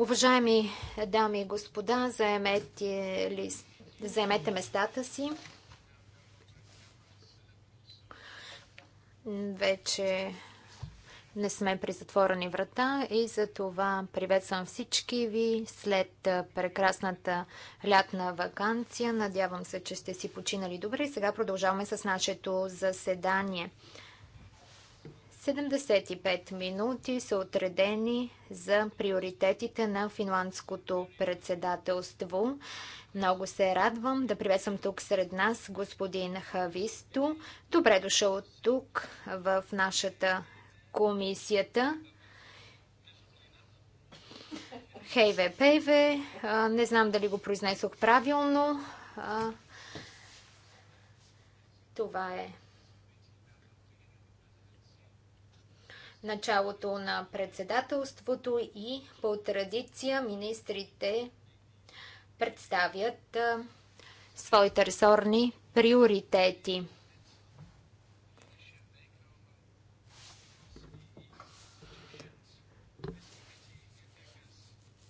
Уважаеми дами и господа, заемете, ли, заемете местата си. Вече не сме при затворени врата и за това приветствам всички ви след прекрасната лятна вакансия. Надявам се, че сте си починали добре и сега продължаваме с нашето заседание. 75 минути са отредени за приоритетите на финландското председателство. Много се радвам да приветствам тук сред нас господин Хависто. Добре дошъл тук в нашата комисията. Хейве Пейве, не знам дали го произнесох правилно. Това е началото на председателството и по традиция министрите представят своите ресорни приоритети.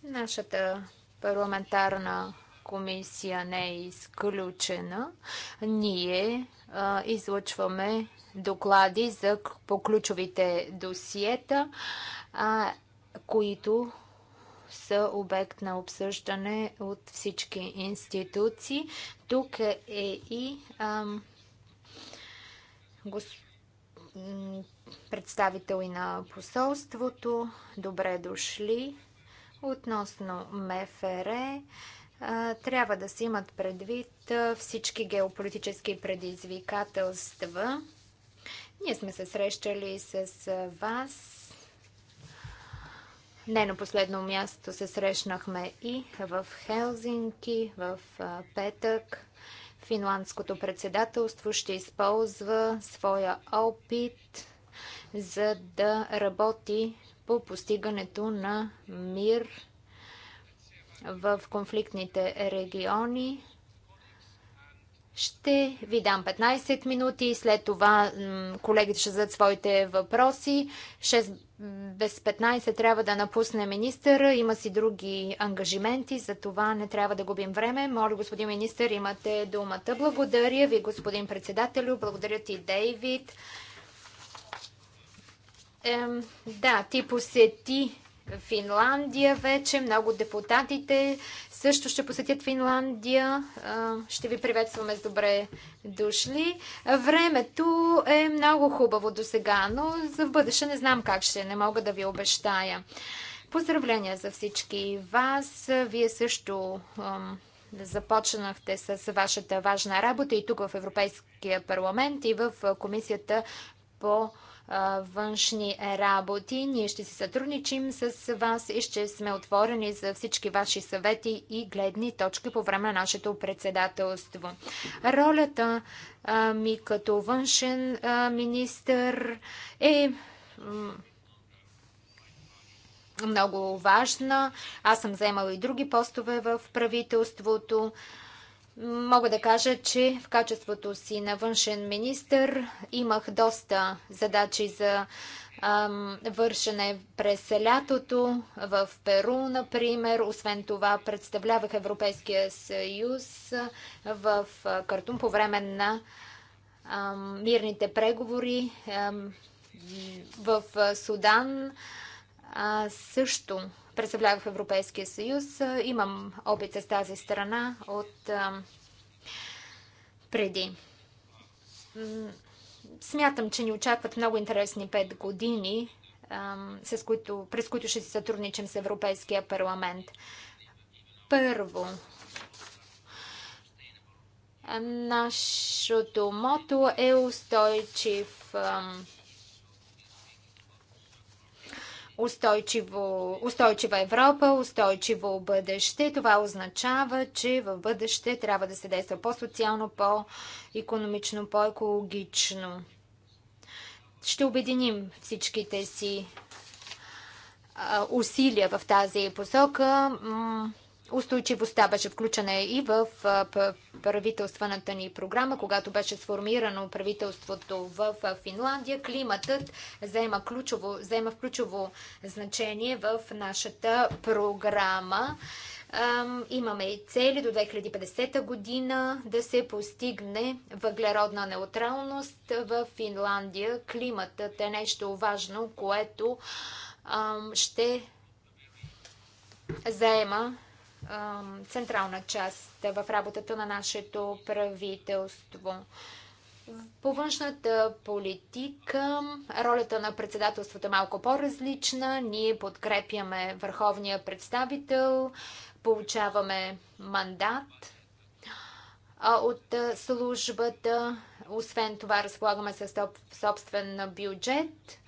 Нашата парламентарна комисия не е изключена. Ние излъчваме доклади за по ключовите досиета, а, които са обект на обсъждане от всички институции. Тук е, е и ам, представител и на посолството. Добре дошли. Относно МФР, а, трябва да се имат предвид всички геополитически предизвикателства. Ние сме се срещали с вас. Не на последно място се срещнахме и в Хелзинки, в петък. Финландското председателство ще използва своя опит, за да работи по постигането на мир в конфликтните региони. Ще ви дам 15 минути, след това колегите ще зададат своите въпроси. 6 без 15 трябва да напусне министър, има си други ангажименти, за това не трябва да губим време. Моля, господин министър, имате думата. Благодаря ви, господин председателю, благодаря ти, Дейвид. Ем, да, ти посети Финландия вече. Много депутатите също ще посетят Финландия. Ще ви приветстваме с добре дошли. Времето е много хубаво до сега, но за бъдеще не знам как ще. Не мога да ви обещая. Поздравления за всички вас. Вие също започнахте с вашата важна работа и тук в Европейския парламент и в Комисията по външни работи. Ние ще си сътрудничим с вас и ще сме отворени за всички ваши съвети и гледни точки по време на нашето председателство. Ролята ми като външен министр е много важна. Аз съм заемала и други постове в правителството. Мога да кажа, че в качеството си на външен министр имах доста задачи за вършене през лятото в Перу, например. Освен това, представлявах Европейския съюз в Картун по време на мирните преговори в Судан. също представлявах в Европейския съюз. Имам опит с тази страна от преди. Смятам, че ни очакват много интересни пет години, с които, през които ще си сътрудничим с Европейския парламент. Първо, нашето мото е устойчив устойчиво, устойчива Европа, устойчиво бъдеще. Това означава, че в бъдеще трябва да се действа по-социално, по-економично, по-екологично. Ще обединим всичките си усилия в тази посока. Устойчивостта беше включена и в правителствената ни програма, когато беше сформирано правителството в Финландия. Климатът заема, ключово, заема ключово значение в нашата програма. Имаме и цели до 2050 година да се постигне въглеродна неутралност в Финландия. Климатът е нещо важно, което ще заема централна част в работата на нашето правителство. По външната политика ролята на председателството е малко по-различна. Ние подкрепяме върховния представител, получаваме мандат от службата. Освен това разполагаме със собствен бюджет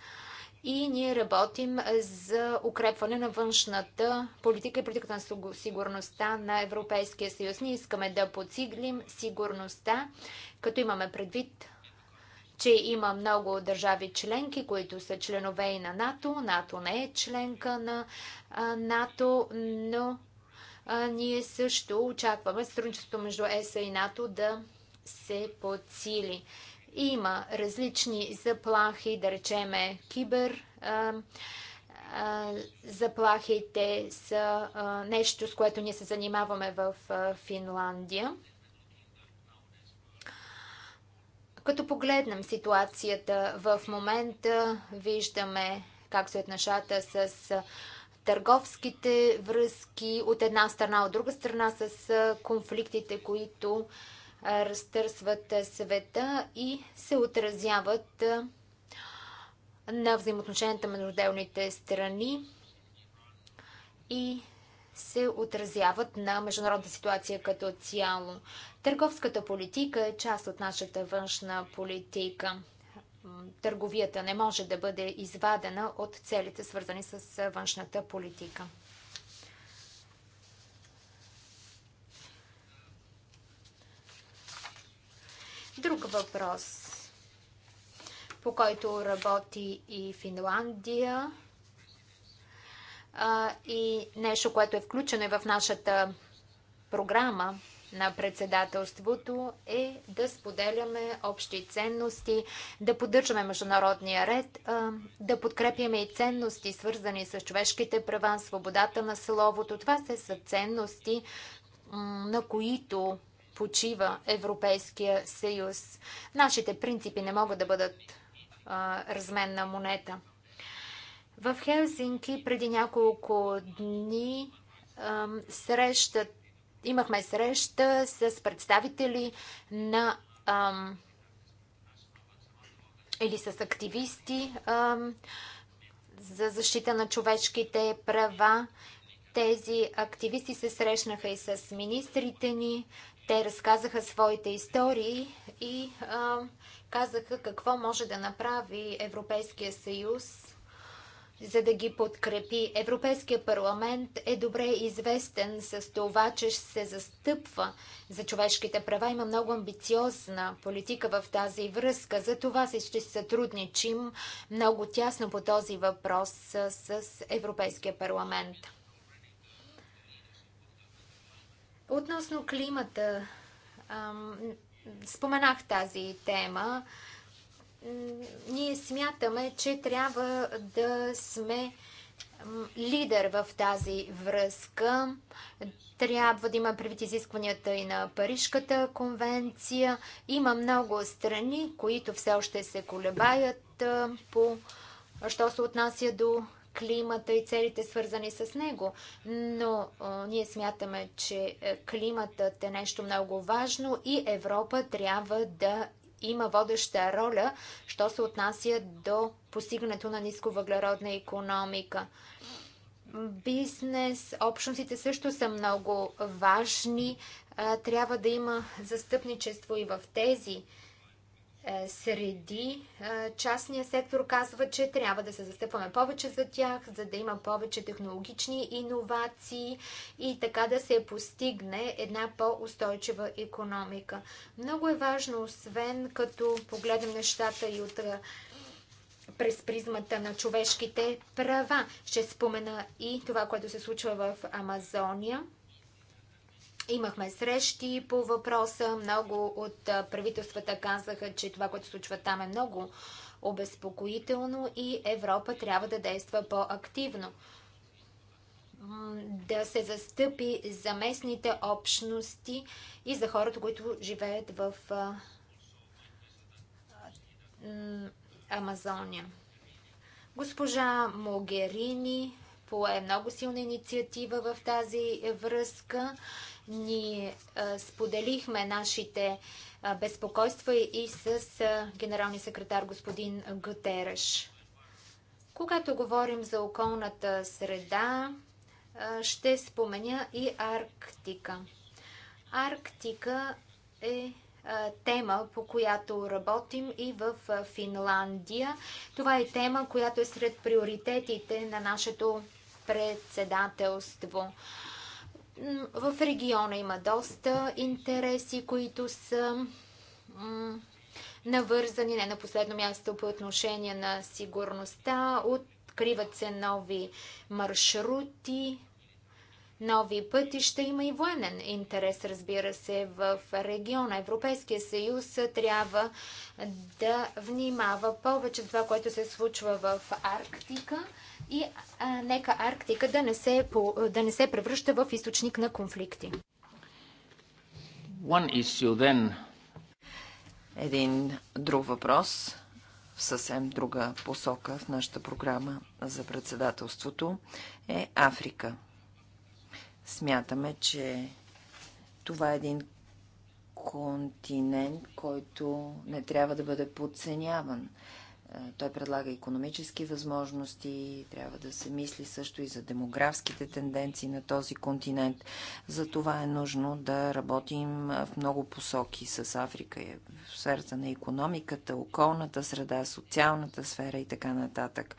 и ние работим за укрепване на външната политика и политиката на сигурността на Европейския съюз. Ние искаме да подсиглим сигурността, като имаме предвид че има много държави членки, които са членове и на НАТО. НАТО не е членка на НАТО, но ние също очакваме сътрудничеството между ЕСА и НАТО да се подсили. Има различни заплахи, да речеме кибер. А, а, заплахите са а, нещо, с което ние се занимаваме в Финландия. Като погледнем ситуацията в момента, виждаме как са отношата с търговските връзки от една страна, от друга страна с конфликтите, които разтърсват света и се отразяват на взаимоотношенията между отделните страни и се отразяват на международната ситуация като цяло. Търговската политика е част от нашата външна политика. Търговията не може да бъде извадена от целите, свързани с външната политика. Друг въпрос, по който работи и Финландия и нещо, което е включено и в нашата програма на председателството е да споделяме общи ценности, да поддържаме международния ред, да подкрепяме и ценности, свързани с човешките права, свободата на словото. Това се са ценности, на които почива Европейския съюз. Нашите принципи не могат да бъдат а, разменна монета. В Хелсинки преди няколко дни а, среща, имахме среща с представители на а, или с активисти а, за защита на човешките права. Тези активисти се срещнаха и с министрите ни, те разказаха своите истории и а, казаха какво може да направи Европейския съюз, за да ги подкрепи. Европейския парламент е добре известен с това, че се застъпва за човешките права. Има много амбициозна политика в тази връзка. За това се ще сътрудничим много тясно по този въпрос с Европейския парламент. Относно климата, споменах тази тема. Ние смятаме, че трябва да сме лидер в тази връзка. Трябва да има предвид изискванията и на Парижката конвенция. Има много страни, които все още се колебаят по що се отнася до климата и целите свързани с него. Но а, ние смятаме, че е, климатът е нещо много важно и Европа трябва да има водеща роля, що се отнася до постигането на нисковъглеродна економика. Бизнес, общностите също са много важни. Трябва да има застъпничество и в тези е, среди. Е, частния сектор казва, че трябва да се застъпваме повече за тях, за да има повече технологични иновации и така да се постигне една по-устойчива економика. Много е важно, освен като погледнем нещата и от е, през призмата на човешките права. Ще спомена и това, което се случва в Амазония. Имахме срещи по въпроса. Много от правителствата казаха, че това, което случва там е много обезпокоително и Европа трябва да действа по-активно. Да се застъпи за местните общности и за хората, които живеят в Амазония. Госпожа Могерини пое много силна инициатива в тази връзка ни споделихме нашите безпокойства и с генералния секретар господин Гутереш. Когато говорим за околната среда, ще споменя и Арктика. Арктика е тема, по която работим и в Финландия. Това е тема, която е сред приоритетите на нашето председателство. В региона има доста интереси, които са навързани, не на последно място по отношение на сигурността. Откриват се нови маршрути, нови пътища. Има и военен интерес, разбира се, в региона. Европейския съюз трябва да внимава повече това, което се случва в Арктика и а, нека Арктика да не, се, да не се превръща в източник на конфликти. One issue, then. Един друг въпрос в съвсем друга посока в нашата програма за председателството е Африка. Смятаме, че това е един континент, който не трябва да бъде подценяван. Е, той предлага економически възможности, трябва да се мисли също и за демографските тенденции на този континент. За това е нужно да работим в много посоки с Африка, е, в сферата на економиката, околната среда, социалната сфера и така нататък.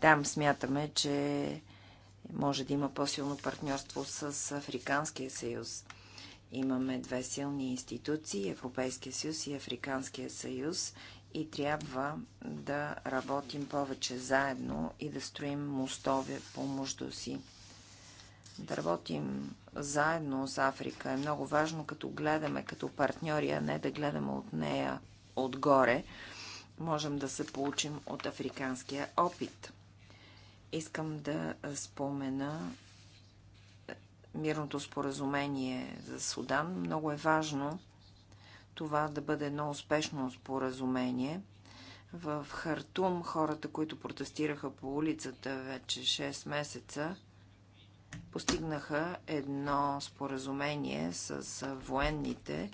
Там смятаме, че може да има по-силно партньорство с Африканския съюз. Имаме две силни институции Европейския съюз и Африканския съюз и трябва да работим повече заедно и да строим мостове помежду си. Да работим заедно с Африка е много важно, като гледаме като партньори, а не да гледаме от нея отгоре. Можем да се получим от африканския опит. Искам да спомена мирното споразумение за Судан. Много е важно това да бъде едно успешно споразумение. В Хартум хората, които протестираха по улицата вече 6 месеца, постигнаха едно споразумение с военните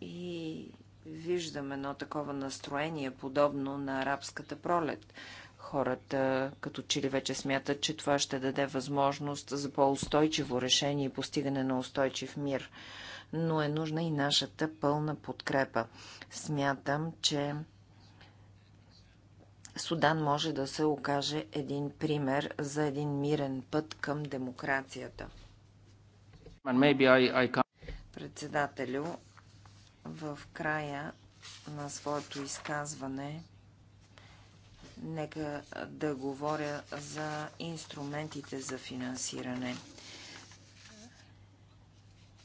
и виждам едно такова настроение, подобно на арабската пролет. Хората като че ли вече смятат, че това ще даде възможност за по-устойчиво решение и постигане на устойчив мир. Но е нужна и нашата пълна подкрепа. Смятам, че Судан може да се окаже един пример за един мирен път към демокрацията. Председателю, в края на своето изказване, нека да говоря за инструментите за финансиране.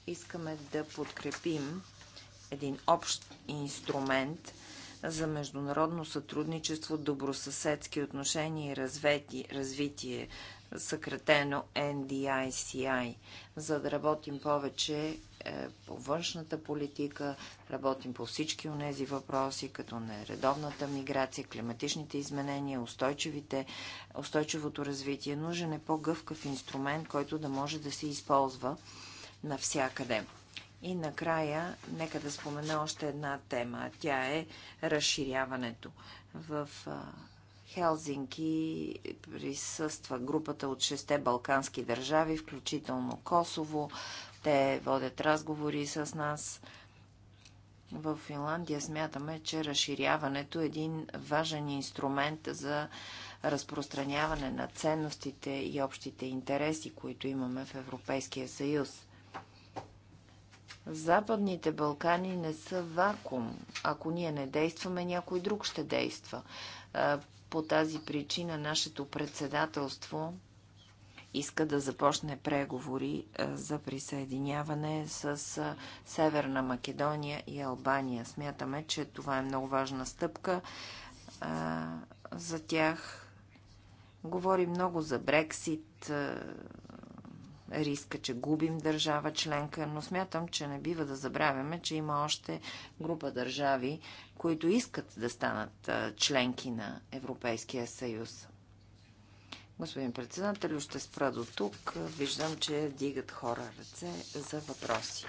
Искаме да подкрепим един общ инструмент за международно сътрудничество, добросъседски отношения и развитие, развитие съкратено NDICI, за да работим повече е, по външната политика, работим по всички тези въпроси, като нередовната миграция, климатичните изменения, устойчивите, устойчивото развитие. Нужен е по-гъвкав инструмент, който да може да се използва навсякъде. И накрая, нека да спомена още една тема. Тя е разширяването. В Хелзинки присъства групата от шесте балкански държави, включително Косово. Те водят разговори с нас. В Финландия смятаме, че разширяването е един важен инструмент за разпространяване на ценностите и общите интереси, които имаме в Европейския съюз. Западните Балкани не са вакуум. Ако ние не действаме, някой друг ще действа. По тази причина нашето председателство иска да започне преговори е, за присъединяване с е, Северна Македония и Албания. Смятаме, че това е много важна стъпка е, за тях. Говори много за Брексит, риска, че губим държава членка, но смятам, че не бива да забравяме, че има още група държави, които искат да станат членки на Европейския съюз. Господин председател, ще спра до тук. Виждам, че дигат хора ръце за въпроси.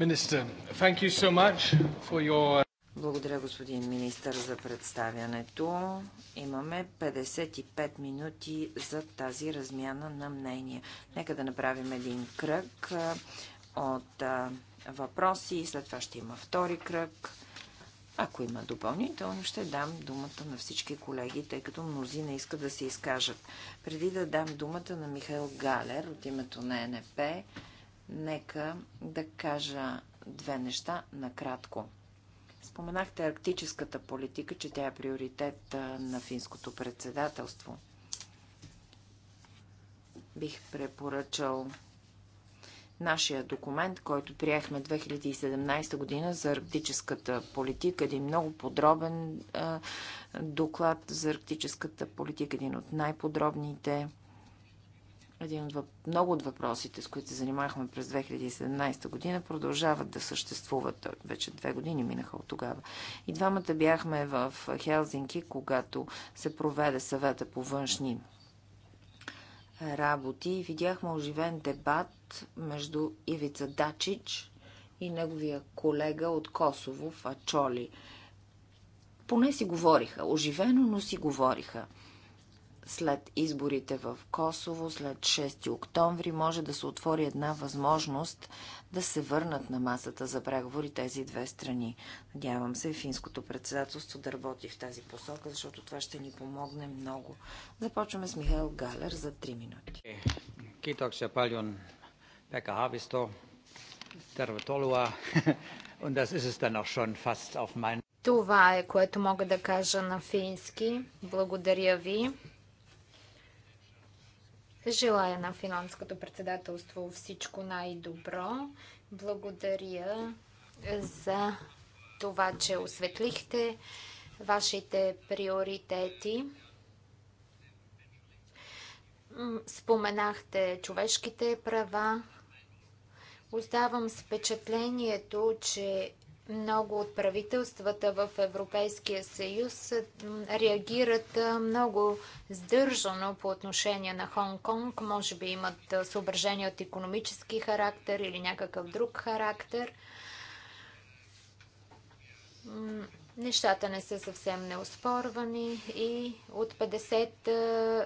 Minister, thank you so much for your... Благодаря, господин министър, за представянето. Имаме 55 минути за тази размяна на мнения. Нека да направим един кръг от въпроси. След това ще има втори кръг ако има допълнително, ще дам думата на всички колеги, тъй като мнози не искат да се изкажат. Преди да дам думата на Михаил Галер от името на НП, нека да кажа две неща накратко. Споменахте арктическата политика, че тя е приоритет на финското председателство. Бих препоръчал Нашия документ, който приехме 2017 година за арктическата политика, един много подробен а, доклад за арктическата политика, един от най-подробните един от, въп... много от въпросите, с които се занимахме през 2017 година, продължават да съществуват. Вече две години минаха от тогава. И двамата бяхме в Хелзинки, когато се проведе съвета по външни работи и видяхме оживен дебат между Ивица Дачич и неговия колега от Косово, Фачоли. Поне си говориха, оживено, но си говориха след изборите в Косово, след 6 октомври, може да се отвори една възможност да се върнат на масата за преговори тези две страни. Надявам се финското председателство да работи в тази посока, защото това ще ни помогне много. Започваме с Михаил Галер за 3 минути. Kiitoksia paljon Pekka Haavisto. Tervetuloa. Това е, което мога да кажа на фински. Благодаря ви. Желая на финландското председателство всичко най-добро. Благодаря за това, че осветлихте вашите приоритети. Споменахте човешките права. Оставам с впечатлението, че много от правителствата в Европейския съюз реагират много сдържано по отношение на Хонг-Конг. Може би имат съображения от економически характер или някакъв друг характер. Нещата не са съвсем неоспорвани и от 50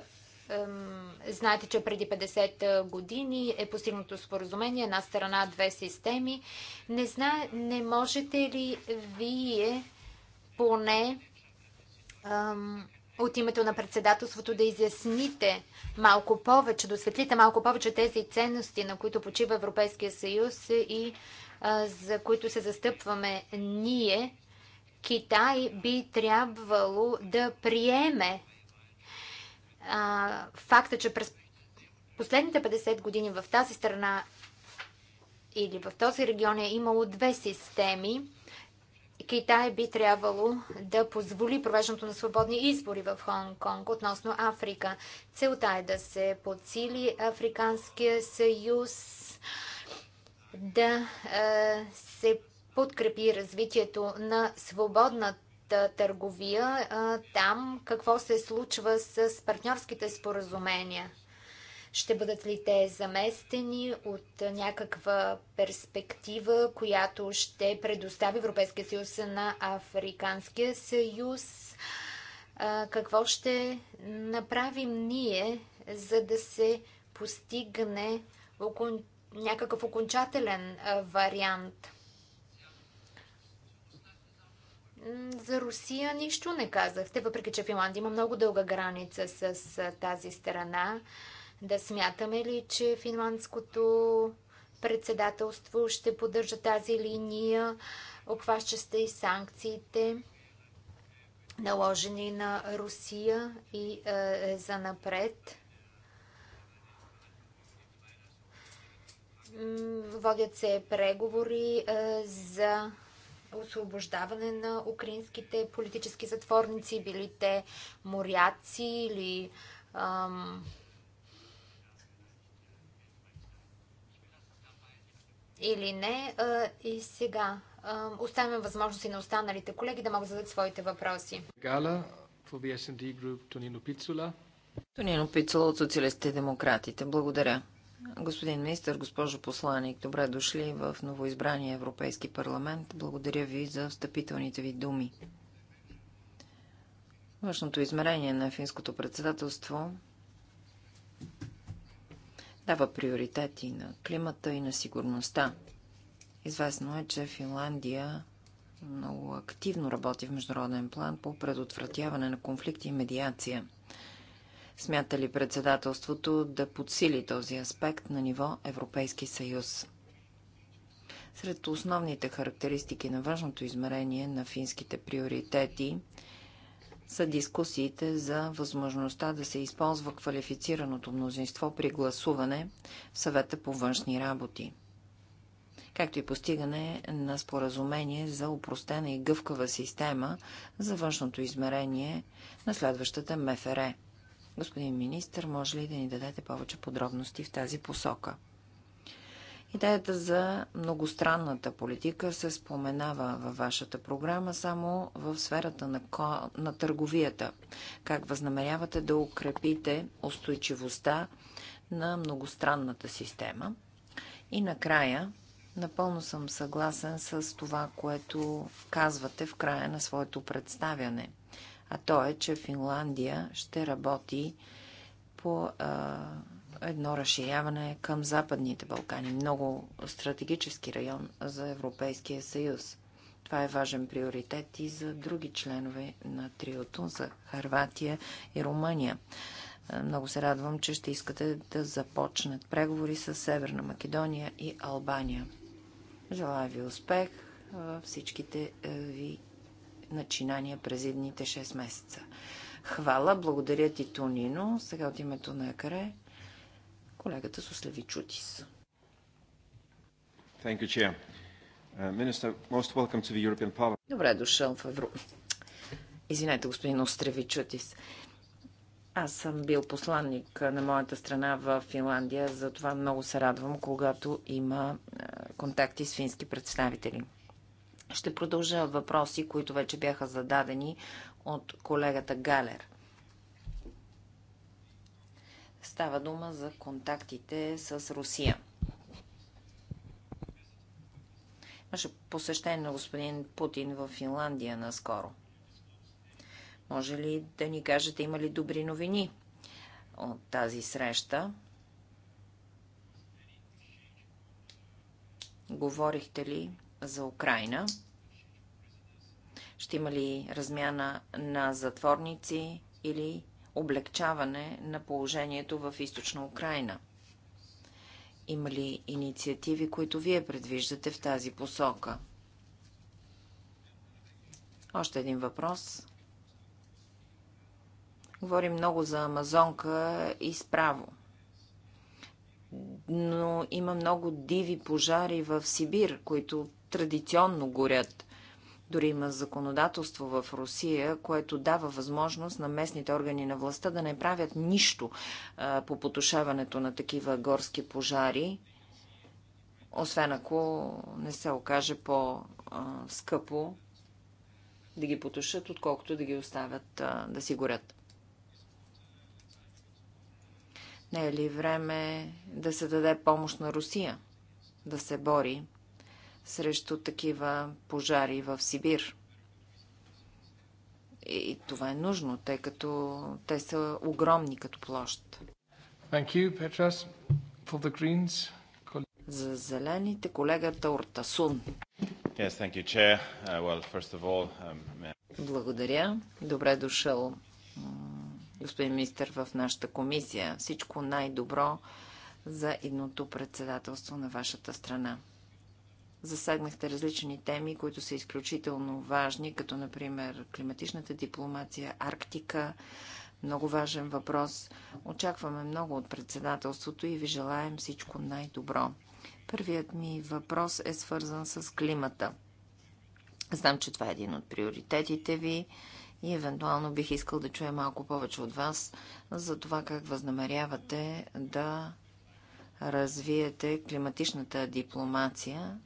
Знаете, че преди 50 е, години е постигнато споразумение една страна, две системи. Не, знае, не можете ли вие поне от името на председателството да изясните малко повече, да осветлите малко повече тези ценности, на които почива Европейския съюз и за които се застъпваме ние, Китай би трябвало да приеме факта, че през последните 50 години в тази страна или в този регион е имало две системи, Китай би трябвало да позволи провеждането на свободни избори в Хонг-Конг относно Африка. Целта е да се подсили Африканския съюз, да се подкрепи развитието на свободната търговия, там какво се случва с партньорските споразумения? Ще бъдат ли те заместени от някаква перспектива, която ще предостави Европейския съюз на Африканския съюз? Какво ще направим ние, за да се постигне някакъв окончателен вариант – за Русия нищо не казахте, въпреки че Финландия има много дълга граница с тази страна. Да смятаме ли, че финландското председателство ще поддържа тази линия, обхващаща и санкциите, наложени на Русия и е, за напред? Водят се преговори е, за освобождаване на украинските политически затворници, били те моряци или ам, или не. А, и сега оставяме възможности на останалите колеги да могат да зададат своите въпроси. Гала, for the S&D Group, Тонино Пицула. Тонино Пицула от Социалистите и демократите. Благодаря. Господин министр, госпожо посланик, добре дошли в новоизбрания Европейски парламент. Благодаря ви за встъпителните ви думи. Външното измерение на финското председателство дава приоритети на климата и на сигурността. Известно е, че Финландия много активно работи в международен план по предотвратяване на конфликти и медиация. Смята ли председателството да подсили този аспект на ниво Европейски съюз? Сред основните характеристики на важното измерение на финските приоритети са дискусиите за възможността да се използва квалифицираното мнозинство при гласуване в съвета по външни работи, както и постигане на споразумение за упростена и гъвкава система за външното измерение на следващата МФР. Господин министр, може ли да ни дадете повече подробности в тази посока? Идеята за многостранната политика се споменава във вашата програма само в сферата на, ко... на търговията. Как възнамерявате да укрепите устойчивостта на многостранната система? И накрая, напълно съм съгласен с това, което казвате в края на своето представяне – а то е, че Финландия ще работи по а, едно разширяване към Западните Балкани, много стратегически район за Европейския съюз. Това е важен приоритет и за други членове на триото, за Харватия и Румъния. Много се радвам, че ще искате да започнат преговори с Северна Македония и Албания. Желая ви успех във всичките ви начинания през едните 6 месеца. Хвала, благодаря ти, Тонино. Сега от името на Екаре, колегата Суслеви Чутис. You, uh, Minister, Добре дошъл в Евро... Извинете, господин Остреви Чутис. Аз съм бил посланник на моята страна в Финландия, затова много се радвам, когато има контакти с фински представители. Ще продължа въпроси, които вече бяха зададени от колегата Галер. Става дума за контактите с Русия. Имаше посещение на господин Путин в Финландия наскоро. Може ли да ни кажете, има ли добри новини от тази среща? Говорихте ли за Украина? Ще има ли размяна на затворници или облегчаване на положението в източна Украина? Има ли инициативи, които вие предвиждате в тази посока? Още един въпрос. Говорим много за Амазонка и справо. Но има много диви пожари в Сибир, които традиционно горят. Дори има законодателство в Русия, което дава възможност на местните органи на властта да не правят нищо а, по потушаването на такива горски пожари, освен ако не се окаже по-скъпо да ги потушат, отколкото да ги оставят а, да си горят. Не е ли време да се даде помощ на Русия да се бори срещу такива пожари в Сибир. И това е нужно, тъй като те са огромни като площ. Thank you, Petras, for the greens. За зелените колегата Ортасун. Yes, thank you, Chair. Uh, well, first of all, um... Благодаря. Добре дошъл, господин министр, в нашата комисия. Всичко най-добро за едното председателство на вашата страна. Засегнахте различни теми, които са изключително важни, като например климатичната дипломация, Арктика, много важен въпрос. Очакваме много от председателството и ви желаем всичко най-добро. Първият ми въпрос е свързан с климата. Знам, че това е един от приоритетите ви и евентуално бих искал да чуя малко повече от вас за това как възнамерявате да развиете климатичната дипломация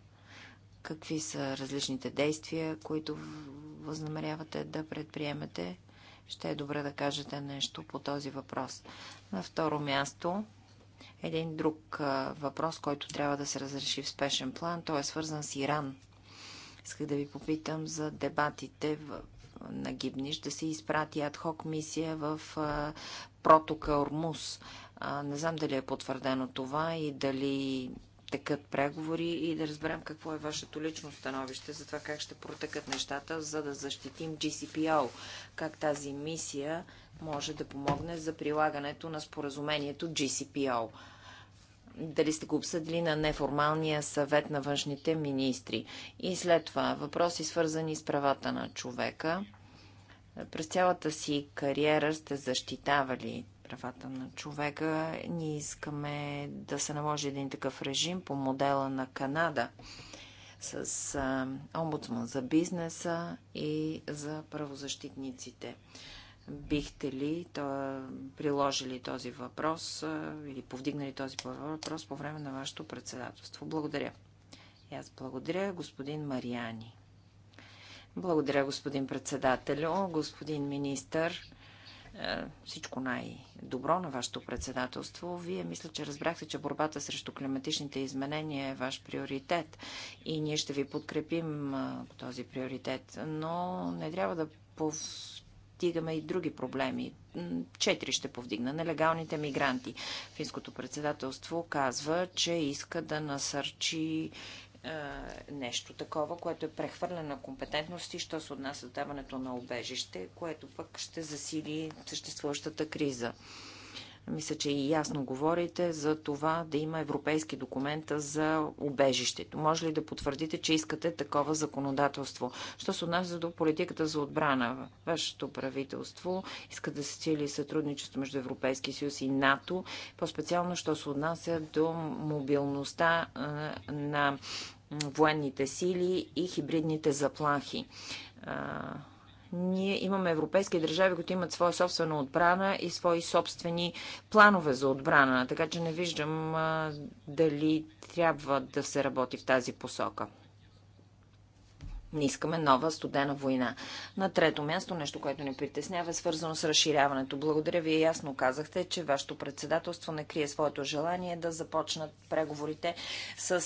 Какви са различните действия, които възнамерявате да предприемете? Ще е добре да кажете нещо по този въпрос. На второ място, един друг въпрос, който трябва да се разреши в спешен план, той е свързан с Иран. Исках да ви попитам за дебатите в, на Гибниш, да се изпрати адхок мисия в а, протока Ормус. А, не знам дали е потвърдено това и дали текат преговори и да разберем какво е вашето лично становище за това как ще протекат нещата, за да защитим GCPO, как тази мисия може да помогне за прилагането на споразумението GCPO. Дали сте го обсъдили на неформалния съвет на външните министри? И след това въпроси свързани с правата на човека. През цялата си кариера сте защитавали правата на човека. Ние искаме да се наложи един такъв режим по модела на Канада с а, омбудсман за бизнеса и за правозащитниците. Бихте ли то, приложили този въпрос а, или повдигнали този въпрос по време на вашето председателство? Благодаря. И аз благодаря, господин Мариани. Благодаря, господин председател, господин министър. Е, всичко най-добро на вашето председателство. Вие мисля, че разбрахте, че борбата срещу климатичните изменения е ваш приоритет и ние ще ви подкрепим е, този приоритет, но не трябва да повдигаме и други проблеми. Четири ще повдигна. Нелегалните мигранти. Финското председателство казва, че иска да насърчи нещо такова, което е прехвърлена компетентност и що се отнася даването на обежище, което пък ще засили съществуващата криза. Мисля, че и ясно говорите за това да има европейски документа за убежището. Може ли да потвърдите, че искате такова законодателство? Що се отнася до политиката за отбрана? Вашето правителство иска да се цели сътрудничество между Европейския съюз и НАТО, по-специално, що се отнася до мобилността на военните сили и хибридните заплахи. Ние имаме европейски държави, които имат своя собствена отбрана и свои собствени планове за отбрана, така че не виждам дали трябва да се работи в тази посока не искаме нова студена война. На трето място, нещо, което ни притеснява, е свързано с разширяването. Благодаря ви, ясно казахте, че вашето председателство не крие своето желание да започнат преговорите с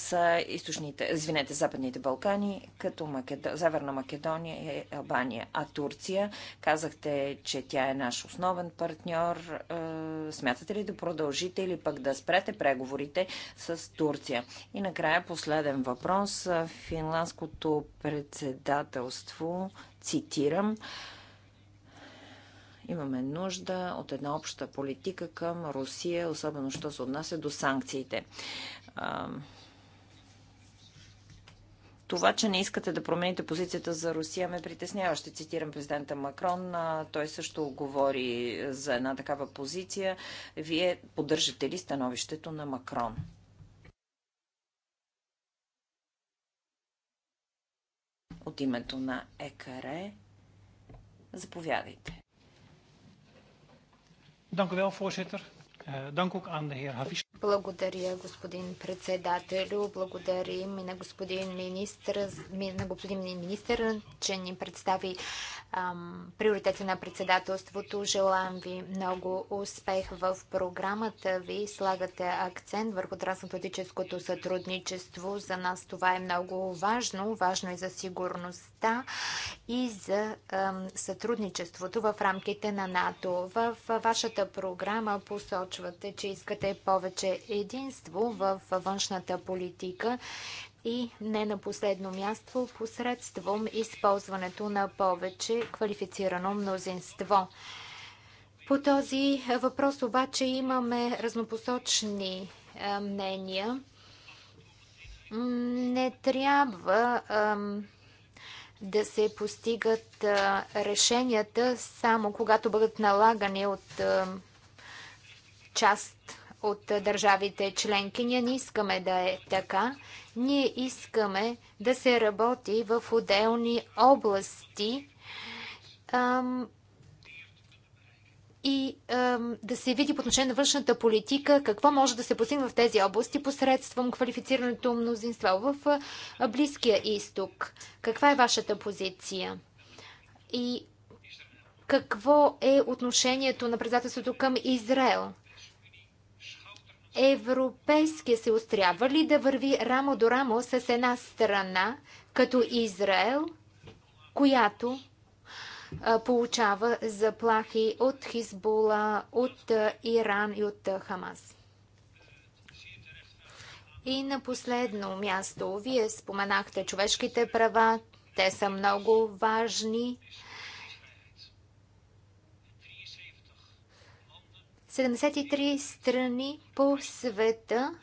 източните, извинете, Западните Балкани, като Македо... Северна Македония и Албания. А Турция, казахте, че тя е наш основен партньор. Е, смятате ли да продължите или пък да спрете преговорите с Турция? И накрая последен въпрос. Финландското пред председателство, цитирам, имаме нужда от една обща политика към Русия, особено що се отнася до санкциите. Това, че не искате да промените позицията за Русия, ме притеснява. Ще цитирам президента Макрон. Той също говори за една такава позиция. Вие поддържате ли становището на Макрон? от името на ЕКР. Заповядайте. Dank u wel, voorzitter. Uh, dank ook aan de heer Havis. Благодаря, господин председателю. Благодарим и на господин министр, на господин министр че ни представи ам, приоритета на председателството. Желаем ви много успех в програмата ви. Слагате акцент върху трансатлантическото сътрудничество. За нас това е много важно. Важно и е за сигурността и за ам, сътрудничеството в рамките на НАТО. В вашата програма посочвате, че искате повече единство в външната политика и не на последно място посредством използването на повече квалифицирано мнозинство. По този въпрос обаче имаме разнопосочни е, мнения. Не трябва да се постигат е, решенията само когато бъдат налагани от е, част от държавите членки. Ние не искаме да е така. Ние искаме да се работи в отделни области ам, и ам, да се види по отношение на външната политика какво може да се постигне в тези области посредством квалифицираното мнозинство в Близкия изток. Каква е вашата позиция? И какво е отношението на председателството към Израел? Европейския съюз трябва ли да върви рамо до рамо с една страна, като Израел, която получава заплахи от Хизбула, от Иран и от Хамас? И на последно място, вие споменахте човешките права, те са много важни. 73 страни по света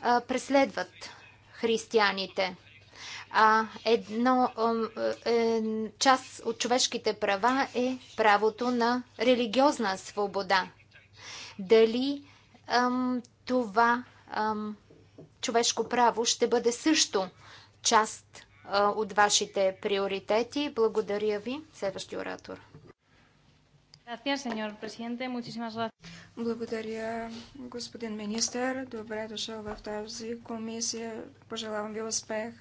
а, преследват християните. А едно, е, част от човешките права е правото на религиозна свобода. Дали е, това човешко право ще бъде също част от вашите приоритети. Благодаря ви. Следващи оратор. Благодаря, господин министър. Добре дошъл в тази комисия. Пожелавам ви успех.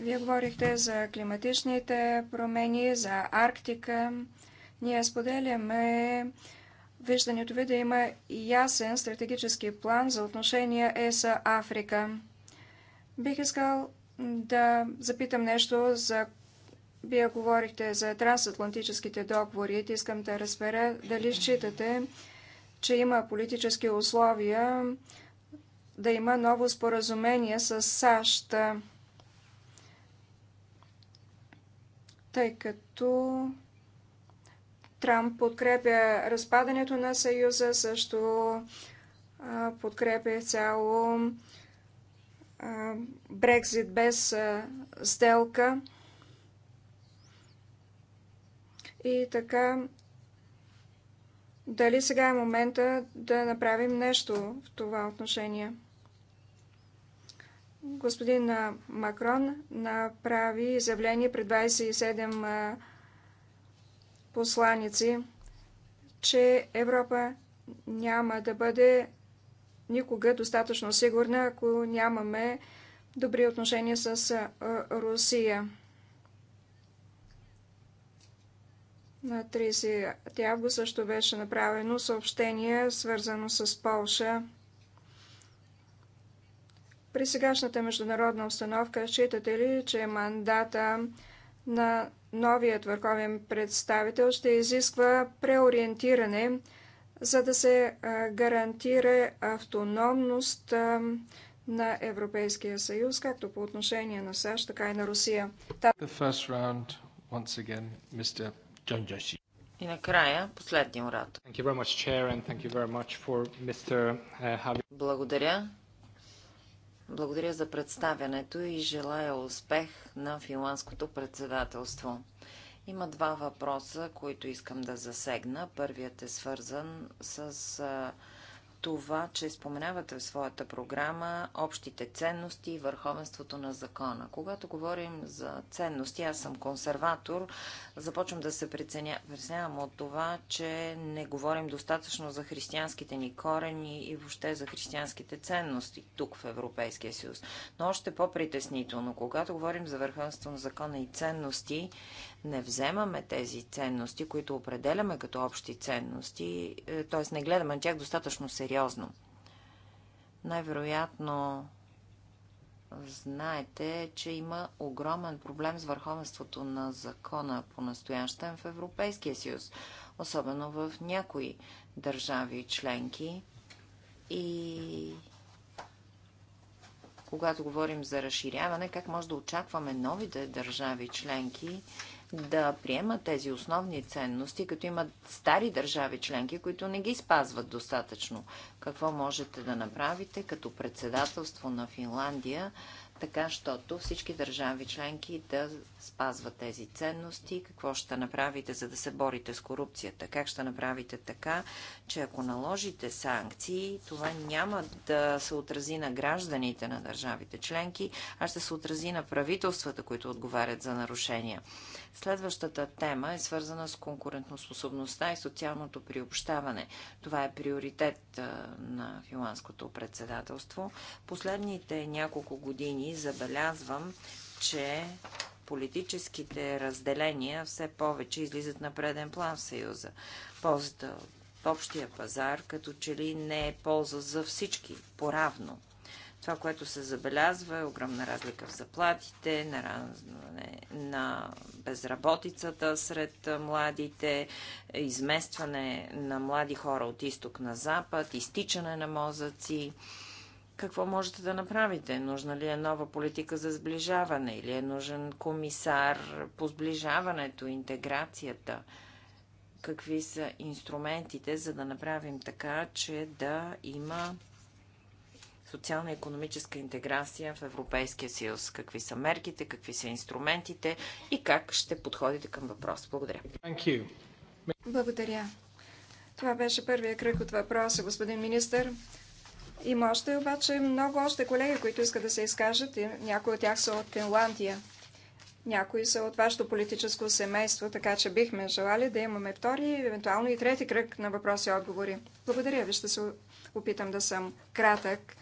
Вие говорихте за климатичните промени, за Арктика. Ние споделяме виждането ви да има ясен стратегически план за отношения ЕСА-Африка. Бих искал да запитам нещо за вие говорихте за трансатлантическите договори. Искам да разбера дали считате, че има политически условия да има ново споразумение с САЩ, тъй като Трамп подкрепя разпадането на Съюза, също подкрепя цяло Брекзит без сделка. И така, дали сега е момента да направим нещо в това отношение? Господин Макрон направи изявление пред 27 посланици, че Европа няма да бъде никога достатъчно сигурна, ако нямаме добри отношения с Русия. На 30 август също беше направено съобщение, свързано с Полша. При сегашната международна установка, считате ли, че мандата на новият върховен представител ще изисква преориентиране, за да се гарантира автономност на Европейския съюз, както по отношение на САЩ, така и на Русия. The first round, once again, Mr. И накрая, последния оратор. Uh, Благодаря. Благодаря за представянето и желая успех на финландското председателство. Има два въпроса, които искам да засегна. Първият е свързан с uh, това, че споменавате в своята програма общите ценности и върховенството на закона. Когато говорим за ценности, аз съм консерватор, започвам да се преценявам от това, че не говорим достатъчно за християнските ни корени и въобще за християнските ценности тук в Европейския съюз. Но още по-притеснително, когато говорим за върховенство на закона и ценности, не вземаме тези ценности, които определяме като общи ценности, е, т.е. не гледаме на тях достатъчно сериозно. Най-вероятно знаете, че има огромен проблем с върховенството на закона по настоящен в Европейския съюз, особено в някои държави и членки. И когато говорим за разширяване, как може да очакваме новите държави членки да приемат тези основни ценности, като имат стари държави членки, които не ги спазват достатъчно. Какво можете да направите като председателство на Финландия, така, щото всички държави членки да спазват тези ценности? Какво ще направите, за да се борите с корупцията? Как ще направите така, че ако наложите санкции, това няма да се отрази на гражданите на държавите членки, а ще се отрази на правителствата, които отговарят за нарушения? Следващата тема е свързана с конкурентоспособността и социалното приобщаване. Това е приоритет на финландското председателство. Последните няколко години забелязвам, че политическите разделения все повече излизат на преден план в Съюза. Ползата в общия пазар като че ли не е полза за всички поравно. Това, което се забелязва е огромна разлика в заплатите, наразване на безработицата сред младите, изместване на млади хора от изток на запад, изтичане на мозъци. Какво можете да направите? Нужна ли е нова политика за сближаване или е нужен комисар по сближаването, интеграцията? Какви са инструментите, за да направим така, че да има социална-економическа интеграция в Европейския съюз? Какви са мерките, какви са инструментите и как ще подходите към въпрос? Благодаря. Благодаря. Това беше първия кръг от въпроса, господин министър. Има още обаче много още колеги, които искат да се изкажат. И някои от тях са от Финландия. Някои са от вашето политическо семейство, така че бихме желали да имаме втори и евентуално и трети кръг на въпроси и отговори. Благодаря ви, ще се опитам да съм кратък.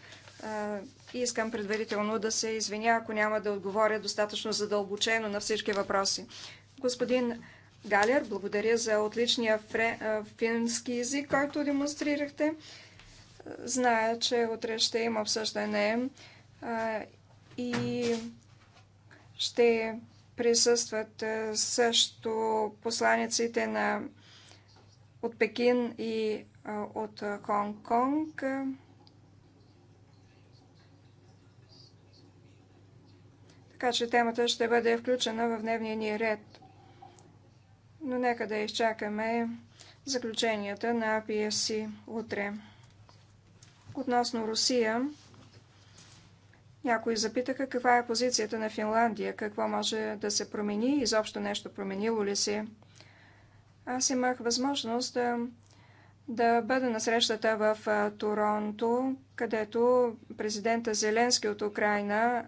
И искам предварително да се извиня, ако няма да отговоря достатъчно задълбочено на всички въпроси. Господин Галер, благодаря за отличния фре, фински език, който демонстрирахте. Зная, че утре ще има обсъждане и ще присъстват също посланиците на, от Пекин и от Хонг-Конг. Така че темата ще бъде включена в дневния ни ред. Но нека да изчакаме заключенията на APSC утре. Относно Русия, някои запитаха каква е позицията на Финландия, какво може да се промени, изобщо нещо променило ли се. Аз имах възможност да, да бъда на срещата в Торонто, където президента Зеленски от Украина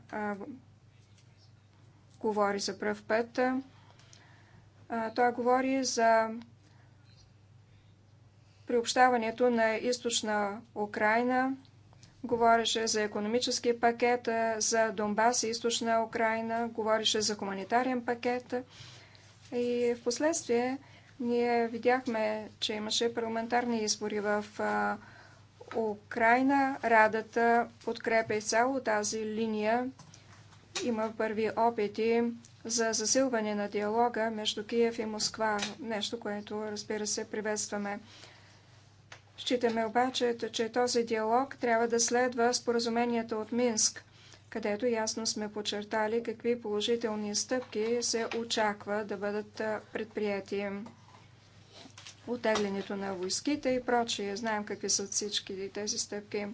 говори за пръв път. Той говори за приобщаването на източна Украина, говореше за економически пакет, за Донбас и източна Украина, говореше за хуманитарен пакет. И в последствие ние видяхме, че имаше парламентарни избори в Украина. Радата подкрепя изцяло тази линия има първи опити за засилване на диалога между Киев и Москва. Нещо, което, разбира се, приветстваме. Считаме обаче, че този диалог трябва да следва споразумението от Минск, където ясно сме подчертали какви положителни стъпки се очаква да бъдат предприяти. Отеглянето на войските и прочие. Знаем какви са всички тези стъпки.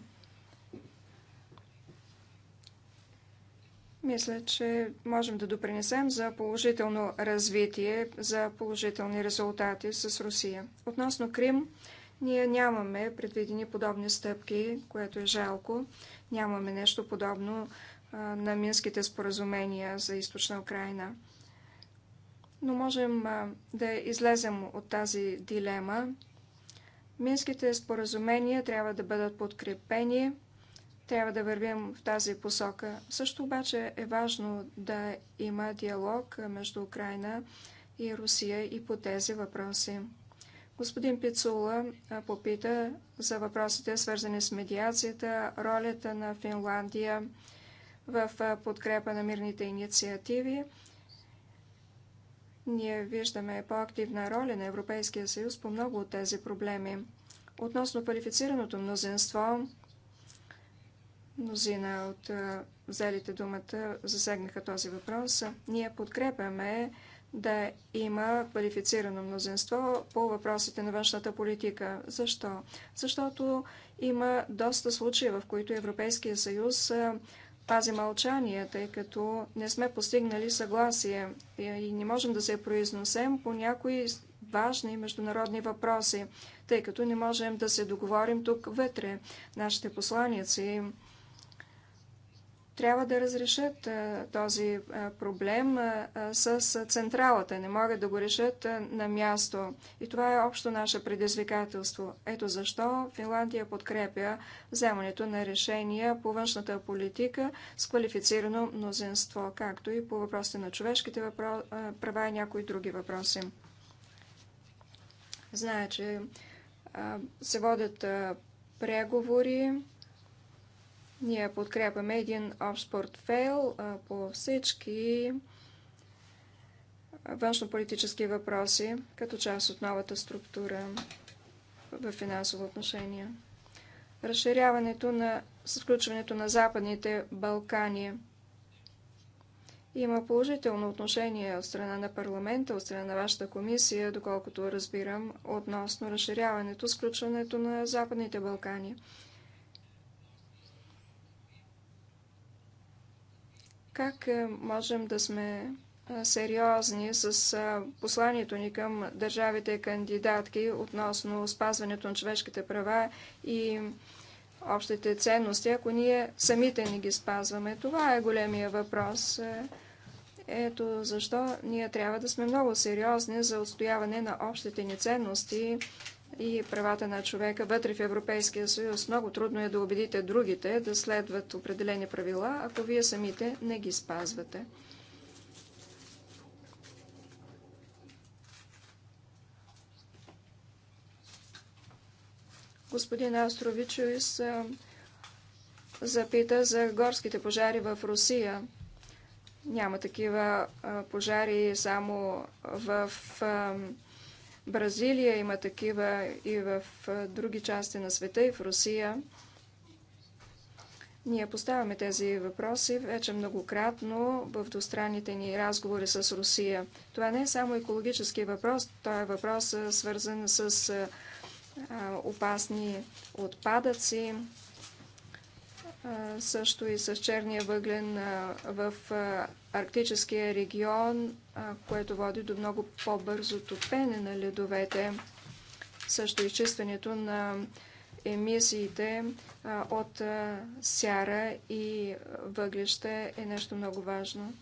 Мисля, че можем да допринесем за положително развитие, за положителни резултати с Русия. Относно Крим, ние нямаме предвидени подобни стъпки, което е жалко. Нямаме нещо подобно на минските споразумения за източна Украина. Но можем да излезем от тази дилема. Минските споразумения трябва да бъдат подкрепени трябва да вървим в тази посока. Също обаче е важно да има диалог между Украина и Русия и по тези въпроси. Господин Пицула попита за въпросите, свързани с медиацията, ролята на Финландия в подкрепа на мирните инициативи. Ние виждаме по-активна роля на Европейския съюз по много от тези проблеми. Относно квалифицираното мнозинство, Мнозина от взелите думата засегнаха този въпрос. Ние подкрепяме да има квалифицирано мнозинство по въпросите на външната политика. Защо? Защото има доста случаи, в които Европейския съюз пази мълчание, тъй като не сме постигнали съгласие и не можем да се произносем по някои важни международни въпроси, тъй като не можем да се договорим тук вътре. Нашите посланици трябва да разрешат този проблем с централата. Не могат да го решат на място. И това е общо наше предизвикателство. Ето защо Финландия подкрепя вземането на решения по външната политика с квалифицирано мнозинство, както и по въпросите на човешките права и някои други въпроси. Зная, че се водят преговори ние подкрепяме един общ портфейл по всички външно-политически въпроси, като част от новата структура в финансово отношение. Разширяването на, с включването на Западните Балкани има положително отношение от страна на парламента, от страна на вашата комисия, доколкото разбирам, относно разширяването, сключването на Западните Балкани – Как е, можем да сме е, сериозни с е, посланието ни към държавите кандидатки относно спазването на човешките права и общите ценности, ако ние самите не ги спазваме? Това е големия въпрос. Ето защо ние трябва да сме много сериозни за отстояване на общите ни ценности и правата на човека вътре в Европейския съюз. Много трудно е да убедите другите да следват определени правила, ако вие самите не ги спазвате. Господин Астрович запита за горските пожари в Русия. Няма такива пожари само в Бразилия има такива и в други части на света, и в Русия. Ние поставяме тези въпроси вече многократно в двустранните ни разговори с Русия. Това не е само екологически въпрос, той е въпрос свързан с опасни отпадъци, също и с черния въглен в арктическия регион, което води до много по-бързо топене на ледовете. Също изчистването на емисиите от сяра и въглеще е нещо много важно.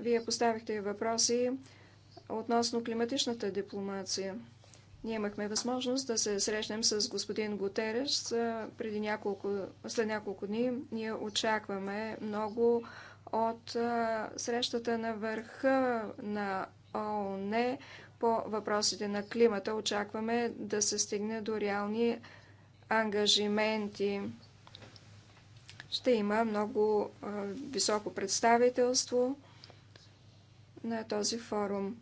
Вие поставихте въпроси относно климатичната дипломация – ние имахме възможност да се срещнем с господин Гутереш преди няколко, след няколко дни. Ние очакваме много от срещата на върха на ООН по въпросите на климата. Очакваме да се стигне до реални ангажименти. Ще има много високо представителство на този форум.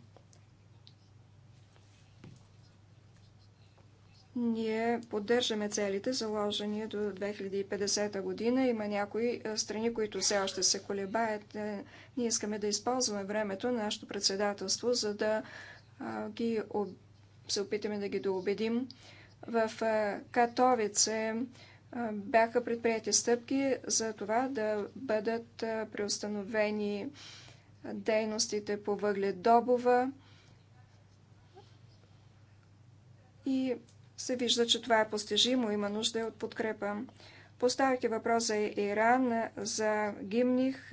Ние поддържаме целите, заложени до 2050 година. Има някои е, страни, които все още се колебаят. Е, ние искаме да използваме времето на нашето председателство, за да е, ги, се опитаме да ги доубедим. В Катовице бяха предприяти стъпки за това да бъдат преустановени дейностите по въгледобова и се вижда, че това е постижимо, има нужда от подкрепа. Поставяйки въпрос за Иран, за Гимних,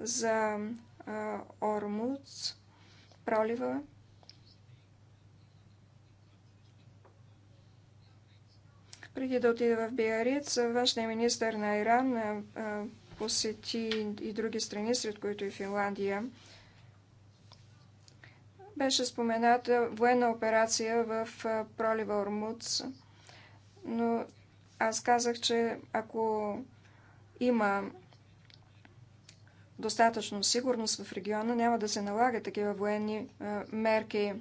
за Ормуц, пролива. Преди да отида в Биариц, вашният министр на Иран посети и други страни, сред които и Финландия. Беше спомената военна операция в пролива Ормуц, но аз казах, че ако има достатъчно сигурност в региона, няма да се налагат такива военни мерки.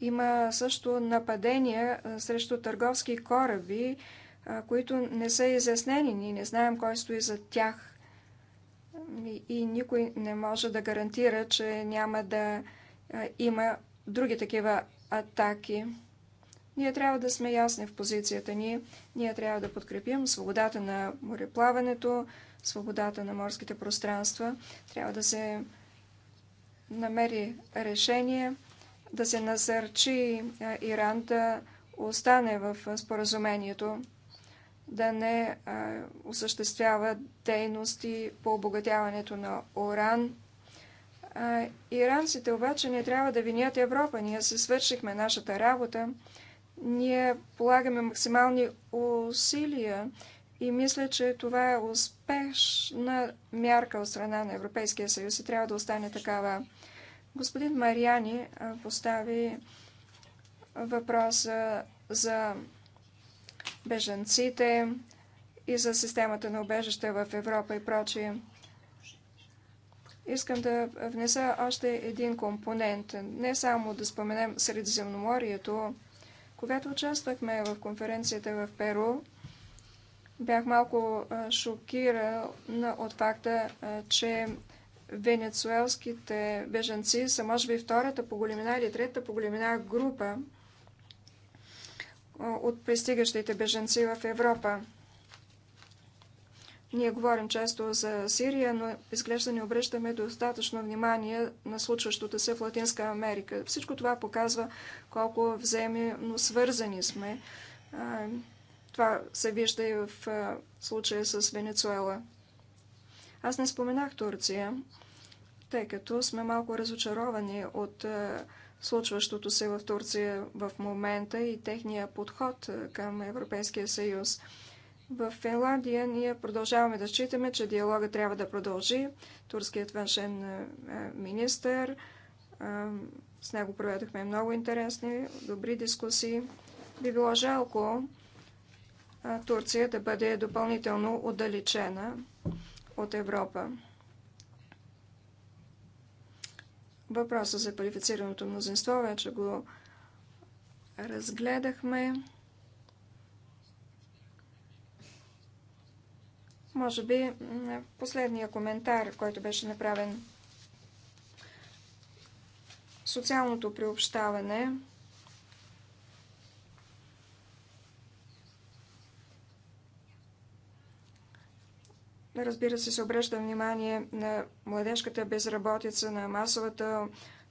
Има също нападения срещу търговски кораби, които не са изяснени. Ние не знаем кой стои за тях и никой не може да гарантира, че няма да е, има други такива атаки. Ние трябва да сме ясни в позицията ни. Ние трябва да подкрепим свободата на мореплаването, свободата на морските пространства. Трябва да се намери решение, да се насърчи е, Иран да остане в е, споразумението да не а, осъществява дейности по обогатяването на уран. А, иранците обаче не трябва да винят Европа. Ние се свършихме нашата работа. Ние полагаме максимални усилия и мисля, че това е успешна мярка от страна на Европейския съюз и трябва да остане такава. Господин Мариани постави въпроса за беженците и за системата на убежище в Европа и прочие. Искам да внеса още един компонент. Не само да споменем Средиземноморието. Когато участвахме в конференцията в Перу, бях малко шокирана от факта, че венецуелските беженци са може би втората по големина или трета по големина група – от пристигащите беженци в Европа. Ние говорим често за Сирия, но изглежда не обръщаме достатъчно внимание на случващото се в Латинска Америка. Всичко това показва колко взаимно свързани сме. Това се вижда и в случая с Венецуела. Аз не споменах Турция, тъй като сме малко разочаровани от случващото се в Турция в момента и техния подход към Европейския съюз. В Финландия ние продължаваме да считаме, че диалога трябва да продължи. Турският външен министр, с него проведохме много интересни, добри дискусии. Би било жалко Турция да бъде допълнително отдалечена от Европа. Въпроса за квалифицираното мнозинство вече го разгледахме. Може би последния коментар, който беше направен. Социалното приобщаване – Разбира се, се обръща внимание на младежката безработица, на масовата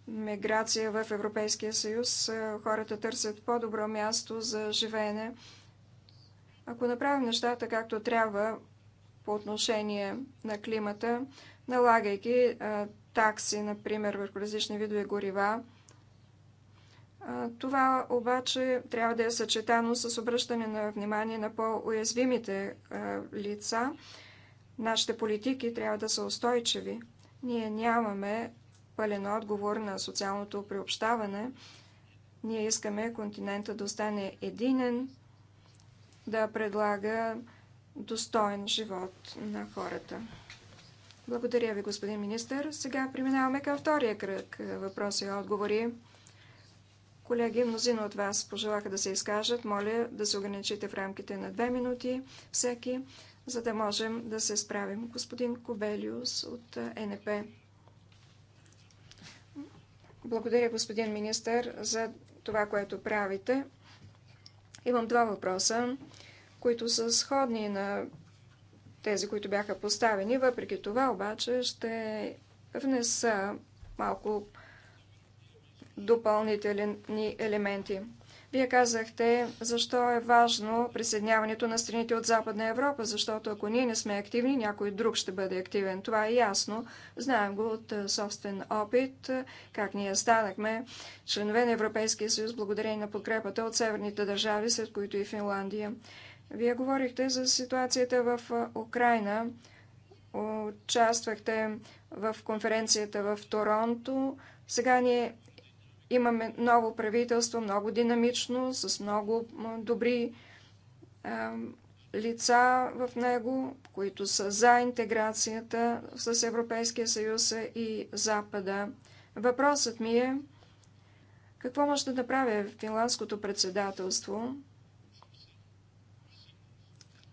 миграция в Европейския съюз. Хората търсят по-добро място за живеене. Ако направим нещата както трябва по отношение на климата, налагайки такси, например, върху различни видове горива, това обаче трябва да е съчетано с обръщане на внимание на по-уязвимите лица – Нашите политики трябва да са устойчиви. Ние нямаме пълен отговор на социалното приобщаване. Ние искаме континента да остане единен, да предлага достоен живот на хората. Благодаря ви, господин министър. Сега преминаваме към втория кръг въпроси и отговори. Колеги, мнозина от вас пожелаха да се изкажат. Моля да се ограничите в рамките на две минути всеки за да можем да се справим. Господин Кобелиус от е, НП. Благодаря, господин министър, за това, което правите. Имам два въпроса, които са сходни на тези, които бяха поставени. Въпреки това, обаче, ще внеса малко допълнителни елементи. Вие казахте защо е важно присъединяването на страните от Западна Европа, защото ако ние не сме активни, някой друг ще бъде активен. Това е ясно. Знаем го от е, собствен опит, е, как ние станахме членове на Европейския съюз благодарение на подкрепата от северните държави, след които и Финландия. Вие говорихте за ситуацията в е, Украина. Участвахте в конференцията в Торонто. Сега ние. Имаме ново правителство, много динамично, с много добри а, лица в него, които са за интеграцията с Европейския съюз и Запада. Въпросът ми е какво може да направи финландското председателство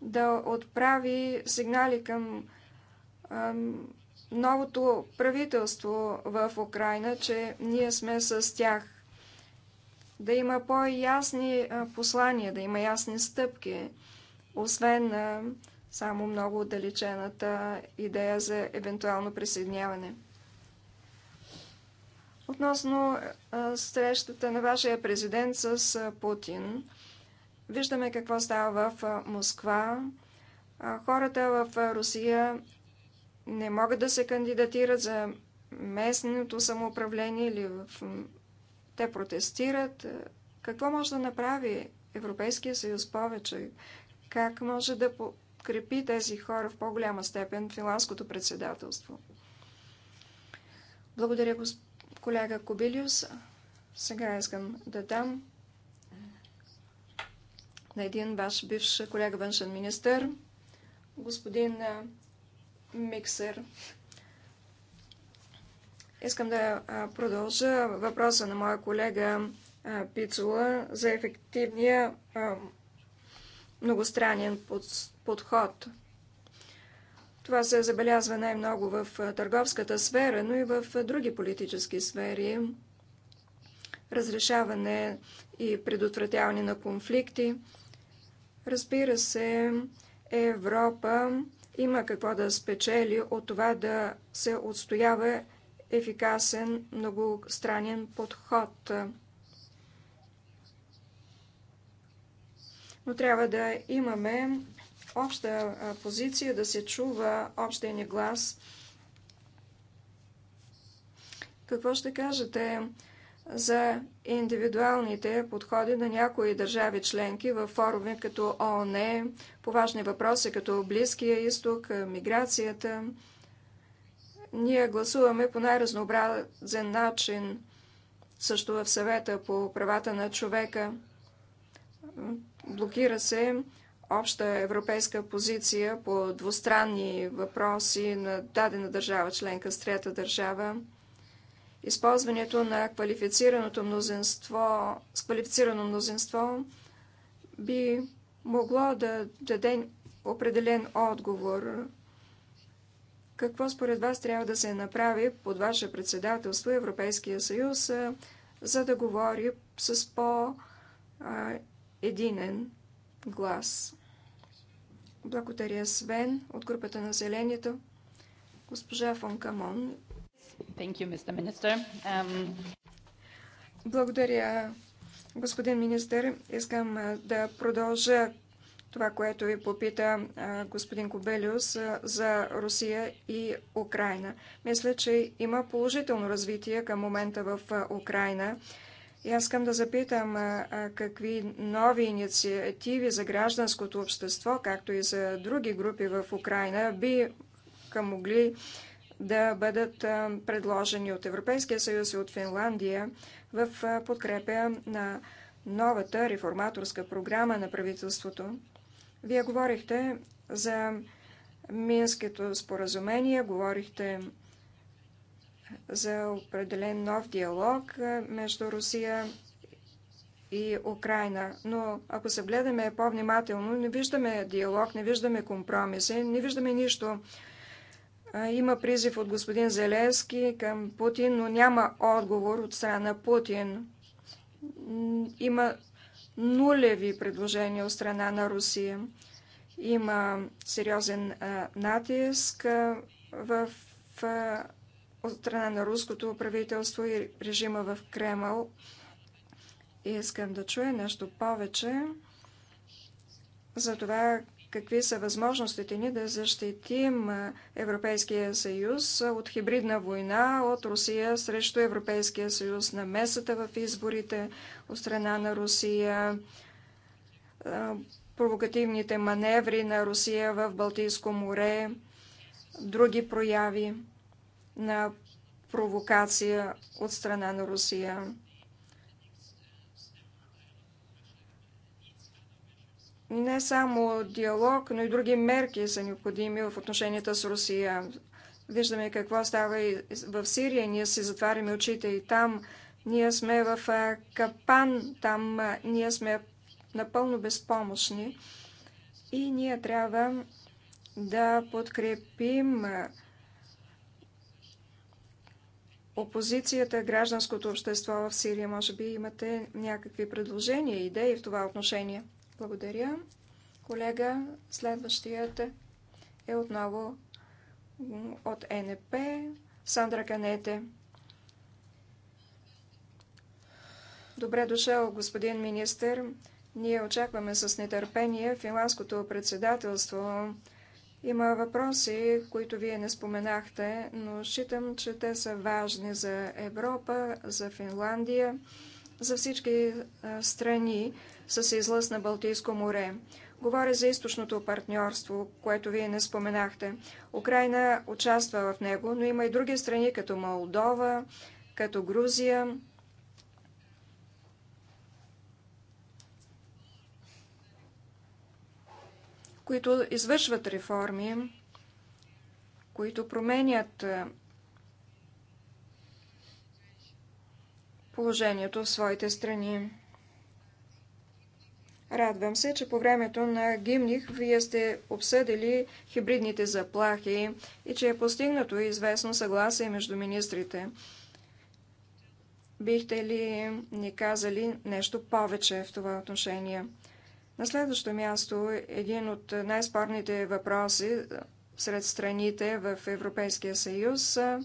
да отправи сигнали към новото правителство в Украина, че ние сме с тях. Да има по-ясни послания, да има ясни стъпки, освен на само много отдалечената идея за евентуално присъединяване. Относно срещата на вашия президент с Путин, виждаме какво става в Москва. Хората в Русия не могат да се кандидатират за местното самоуправление или в... те протестират. Е, какво може да направи Европейския съюз повече? Как може да подкрепи тези хора в по-голяма степен финландското председателство? Благодаря, госп... колега Кобилиус. Сега искам да дам на един ваш бивш колега външен министър, господин е, миксер. Искам да продължа въпроса на моя колега Пицула за ефективния многостранен подход. Това се забелязва най-много в търговската сфера, но и в други политически сфери. Разрешаване и предотвратяване на конфликти. Разбира се, Европа има какво да спечели от това да се отстоява ефикасен многостранен подход. Но трябва да имаме обща позиция, да се чува общия ни глас. Какво ще кажете за индивидуалните подходи на някои държави членки в форуми като ООН, по важни въпроси като Близкия изток, миграцията. Ние гласуваме по най-разнообразен начин също в съвета по правата на човека. Блокира се обща европейска позиция по двустранни въпроси на дадена държава членка с трета държава използването на квалифицираното мнозинство, с квалифицирано мнозинство би могло да даде определен отговор. Какво според вас трябва да се направи под ваше председателство Европейския съюз, за да говори с по-единен глас? Благодаря, Свен, от групата на Зелението, Госпожа Фон Камон Thank you, Mr. Minister. Um... Благодаря, господин министър. Искам да продължа това, което ви попита господин Кобелиус за Русия и Украина. Мисля, че има положително развитие към момента в Украина. И аз искам да запитам какви нови инициативи за гражданското общество, както и за други групи в Украина, биха могли да бъдат предложени от Европейския съюз и от Финландия в подкрепя на новата реформаторска програма на правителството. Вие говорихте за Минското споразумение, говорихте за определен нов диалог между Русия и Украина. Но ако се гледаме по-внимателно, не виждаме диалог, не виждаме компромиси, не виждаме нищо. Има призив от господин Зеленски към Путин, но няма отговор от страна Путин. Има нулеви предложения от страна на Русия. Има сериозен натиск в от страна на руското правителство и режима в Кремъл. искам да чуя нещо повече за това какви са възможностите ни да защитим Европейския съюз от хибридна война от Русия срещу Европейския съюз, на месата в изборите от страна на Русия, провокативните маневри на Русия в Балтийско море, други прояви на провокация от страна на Русия. не само диалог, но и други мерки са необходими в отношенията с Русия. Виждаме какво става и в Сирия. Ние си затваряме очите и там. Ние сме в капан, там ние сме напълно безпомощни. И ние трябва да подкрепим опозицията, гражданското общество в Сирия. Може би имате някакви предложения, идеи в това отношение. Благодаря. Колега, следващият е отново от НП Сандра Канете. Добре дошъл, господин министр. Ние очакваме с нетърпение финландското председателство. Има въпроси, които вие не споменахте, но считам, че те са важни за Европа, за Финландия за всички страни с излъз на Балтийско море. Говоря за източното партньорство, което вие не споменахте. Украина участва в него, но има и други страни, като Молдова, като Грузия. които извършват реформи, които променят положението в своите страни. Радвам се, че по времето на Гимних вие сте обсъдили хибридните заплахи и че е постигнато известно съгласие между министрите. Бихте ли ни казали нещо повече в това отношение? На следващо място, един от най-спорните въпроси сред страните в Европейския съюз – са.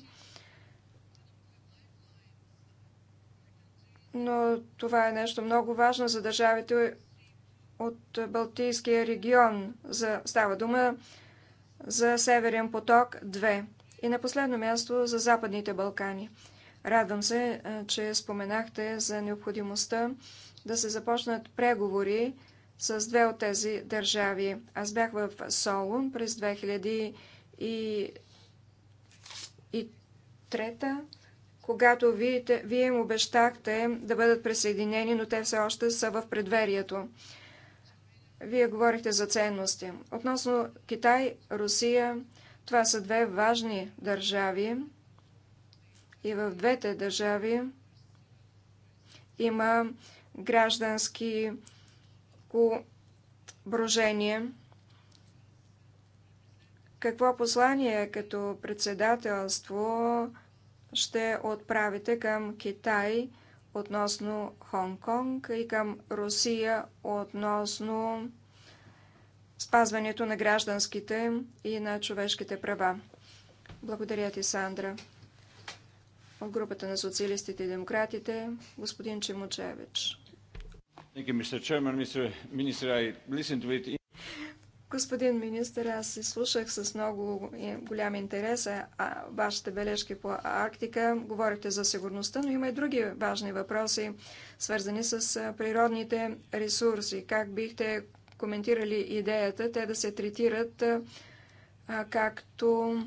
но това е нещо много важно за държавите от Балтийския регион. За, става дума за Северен поток 2 и на последно място за Западните Балкани. Радвам се, че споменахте за необходимостта да се започнат преговори с две от тези държави. Аз бях в Солун през 2003 когато вие, вие им обещахте да бъдат присъединени, но те все още са в предверието. Вие говорихте за ценности. Относно Китай, Русия, това са две важни държави. И в двете държави има граждански брожение. Какво послание като председателство ще отправите към Китай относно Хонг-Конг и към Русия относно спазването на гражданските и на човешките права. Благодаря ти, Сандра. От групата на социалистите и демократите, господин Чемучевич. Господин министър, аз се слушах с много голям интерес а, вашите бележки по Арктика. Говорихте за сигурността, но има и други важни въпроси, свързани с природните ресурси. Как бихте коментирали идеята те да се третират а, както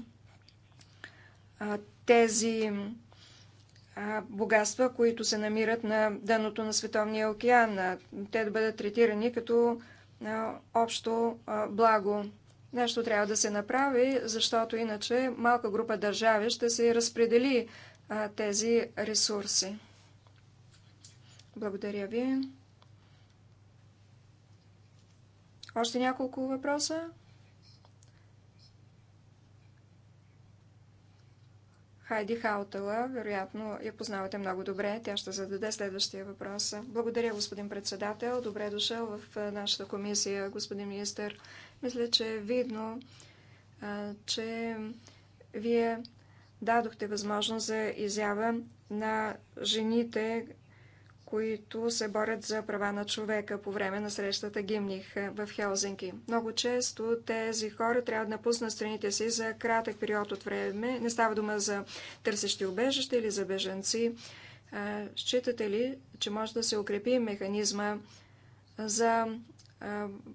а, тези богатства, които се намират на дъното на Световния океан, те да бъдат третирани като общо благо. Нещо трябва да се направи, защото иначе малка група държави ще се разпредели тези ресурси. Благодаря ви. Още няколко въпроса? Хайди Хаутала, вероятно я познавате много добре. Тя ще зададе следващия въпрос. Благодаря, господин председател. Добре дошъл в нашата комисия, господин министр. Мисля, че е видно, че вие дадохте възможност за изява на жените които се борят за права на човека по време на срещата Гимних е, в Хелзинки. Много често тези хора трябва да напуснат страните си за кратък период от време. Не става дума за търсещи убежище или за беженци. Е, считате ли, че може да се укрепи механизма за е,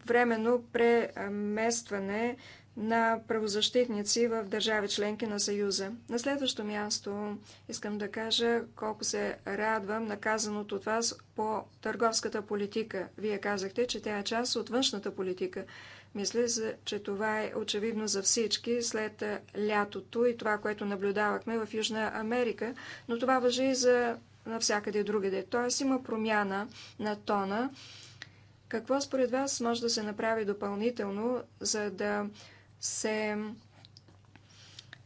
временно преместване на правозащитници в държави членки на Съюза. На следващо място искам да кажа колко се радвам наказаното от вас по търговската политика. Вие казахте, че тя е част от външната политика. Мисля, че това е очевидно за всички след лятото и това, което наблюдавахме в Южна Америка, но това въжи и за навсякъде другаде. Тоест има промяна на тона. Какво според вас може да се направи допълнително, за да се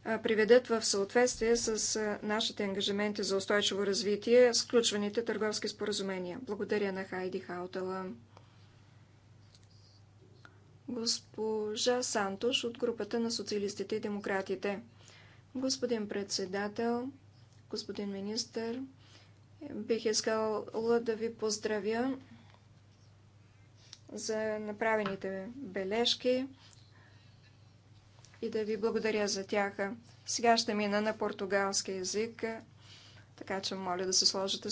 приведат в съответствие с нашите ангажименти за устойчиво развитие, сключваните търговски споразумения. Благодаря на Хайди Хаутала. Госпожа Сантош от групата на социалистите и демократите. Господин председател, господин министър, бих искала да ви поздравя за направените бележки и да ви благодаря за тях. Сега ще мина на португалски язик, така че моля да се сложите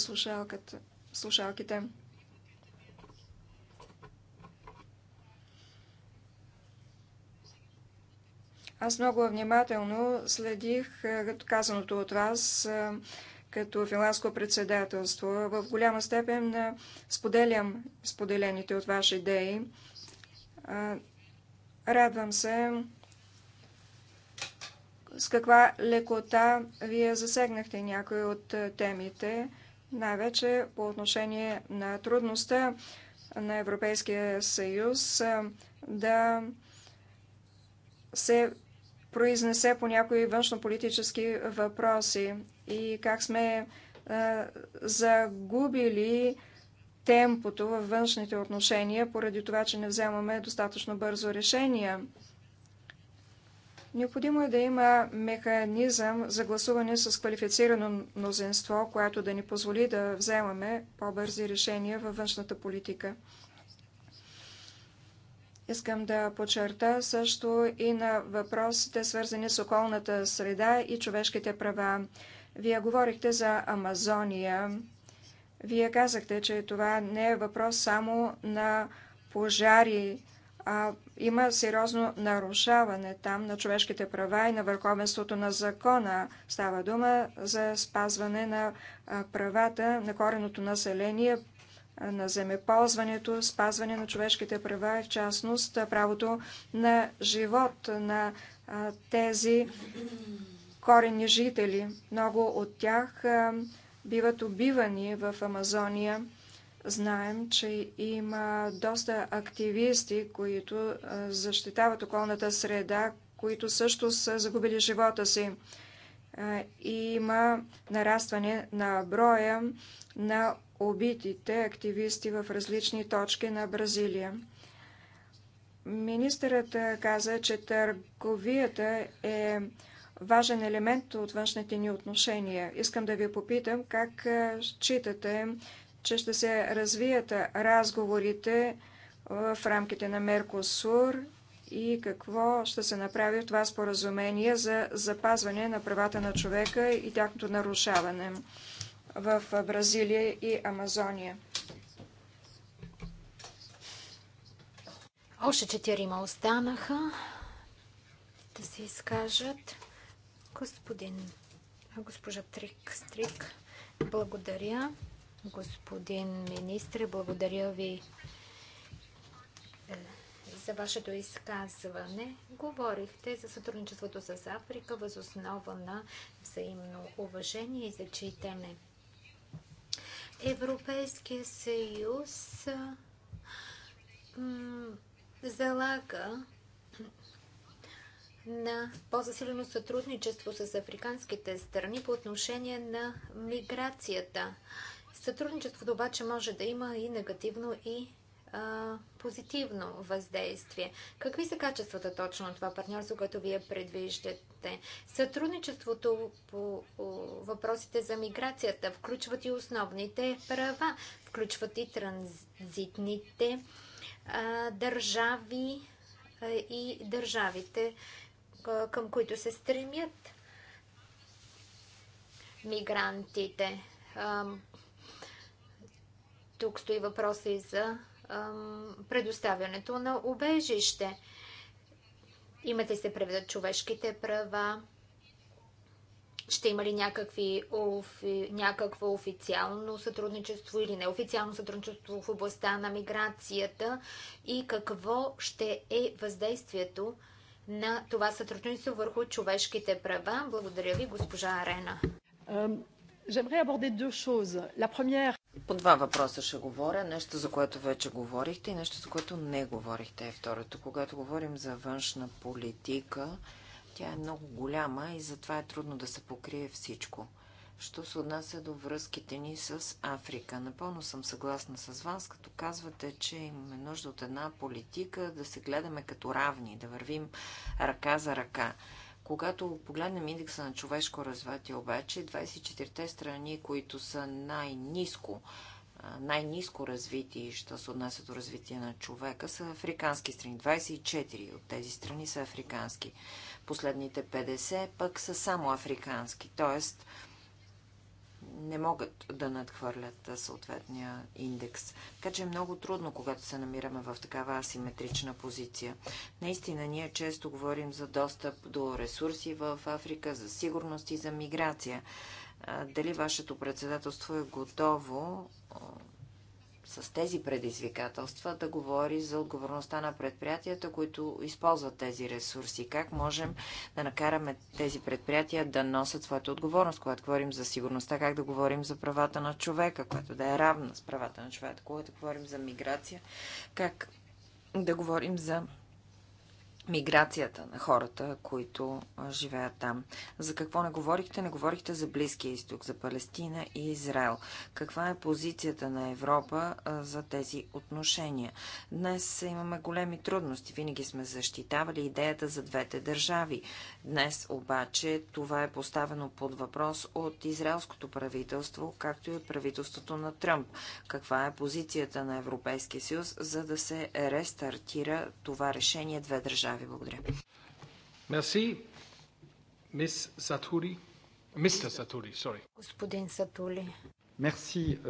слушалките. Аз много внимателно следих е, казаното от вас е, като финландско председателство. В голяма степен е, споделям споделените от ваши идеи. Радвам се, с каква лекота вие засегнахте някои от е, темите, най-вече по отношение на трудността на Европейския съюз е, да се произнесе по някои външнополитически въпроси и как сме е, загубили темпото във външните отношения, поради това, че не вземаме достатъчно бързо решения. Необходимо е да има механизъм за гласуване с квалифицирано мнозинство, което да ни позволи да вземаме по-бързи решения във външната политика. Искам да подчерта също и на въпросите, свързани с околната среда и човешките права. Вие говорихте за Амазония. Вие казахте, че това не е въпрос само на пожари, а, има сериозно нарушаване там на човешките права и на върховенството на закона. Става дума за спазване на правата на кореното население, на земеползването, спазване на човешките права и в частност правото на живот на тези корени жители. Много от тях биват убивани в Амазония Знаем, че има доста активисти, които защитават околната среда, които също са загубили живота си. И има нарастване на броя на убитите активисти в различни точки на Бразилия. Министърът каза, че търговията е важен елемент от външните ни отношения. Искам да ви попитам как считате, че ще се развият разговорите в рамките на Меркосур и какво ще се направи в това споразумение за запазване на правата на човека и тяхното нарушаване в Бразилия и Амазония. Още четирима останаха да се изкажат. Господин, госпожа Трик, Стрик, благодаря. Господин министр, благодаря ви е, за вашето изказване. Говорихте за сътрудничеството с Африка въз основа на взаимно уважение и зачитане. Европейския съюз е, залага на по-засилено сътрудничество с африканските страни по отношение на миграцията Сътрудничеството обаче може да има и негативно, и а, позитивно въздействие. Какви са качествата точно на това партньорство, което вие предвиждате? Сътрудничеството по въпросите за миграцията включват и основните права, включват и транзитните а, държави а, и държавите, а, към които се стремят мигрантите тук стои въпроса и за предоставянето на убежище. Имате се преведат човешките права. Ще има ли някакви, офи, някакво официално сътрудничество или неофициално сътрудничество в областта на миграцията и какво ще е въздействието на това сътрудничество върху човешките права? Благодаря ви, госпожа Арена. Um, по два въпроса ще говоря. Нещо, за което вече говорихте и нещо, за което не говорихте е второто. Когато говорим за външна политика, тя е много голяма и затова е трудно да се покрие всичко. Що се отнася до връзките ни с Африка? Напълно съм съгласна с вас, като казвате, че имаме нужда от една политика да се гледаме като равни, да вървим ръка за ръка. Когато погледнем индекса на човешко развитие, обаче 24-те страни, които са най-низко най-низко развити, що се отнася до развитие на човека, са африкански страни. 24 от тези страни са африкански. Последните 50 пък са само африкански. Тоест, не могат да надхвърлят съответния индекс. Така че е много трудно, когато се намираме в такава асиметрична позиция. Наистина, ние често говорим за достъп до ресурси в Африка, за сигурност и за миграция. Дали вашето председателство е готово с тези предизвикателства да говори за отговорността на предприятията, които използват тези ресурси. Как можем да накараме тези предприятия да носят своята отговорност, когато говорим за сигурността, как да говорим за правата на човека, която да е равна с правата на човека, когато говорим за миграция, как да говорим за миграцията на хората, които живеят там. За какво не говорихте? Не говорихте за Близкия изток, за Палестина и Израел. Каква е позицията на Европа за тези отношения? Днес имаме големи трудности. Винаги сме защитавали идеята за двете държави. Днес обаче това е поставено под въпрос от израелското правителство, както и от правителството на Тръмп. Каква е позицията на Европейския съюз, за да се рестартира това решение две държави? ви благодаря. Мерси. Мис Сатури. Мистер Сатури, сори. Господин Сатули. Мерси. Е,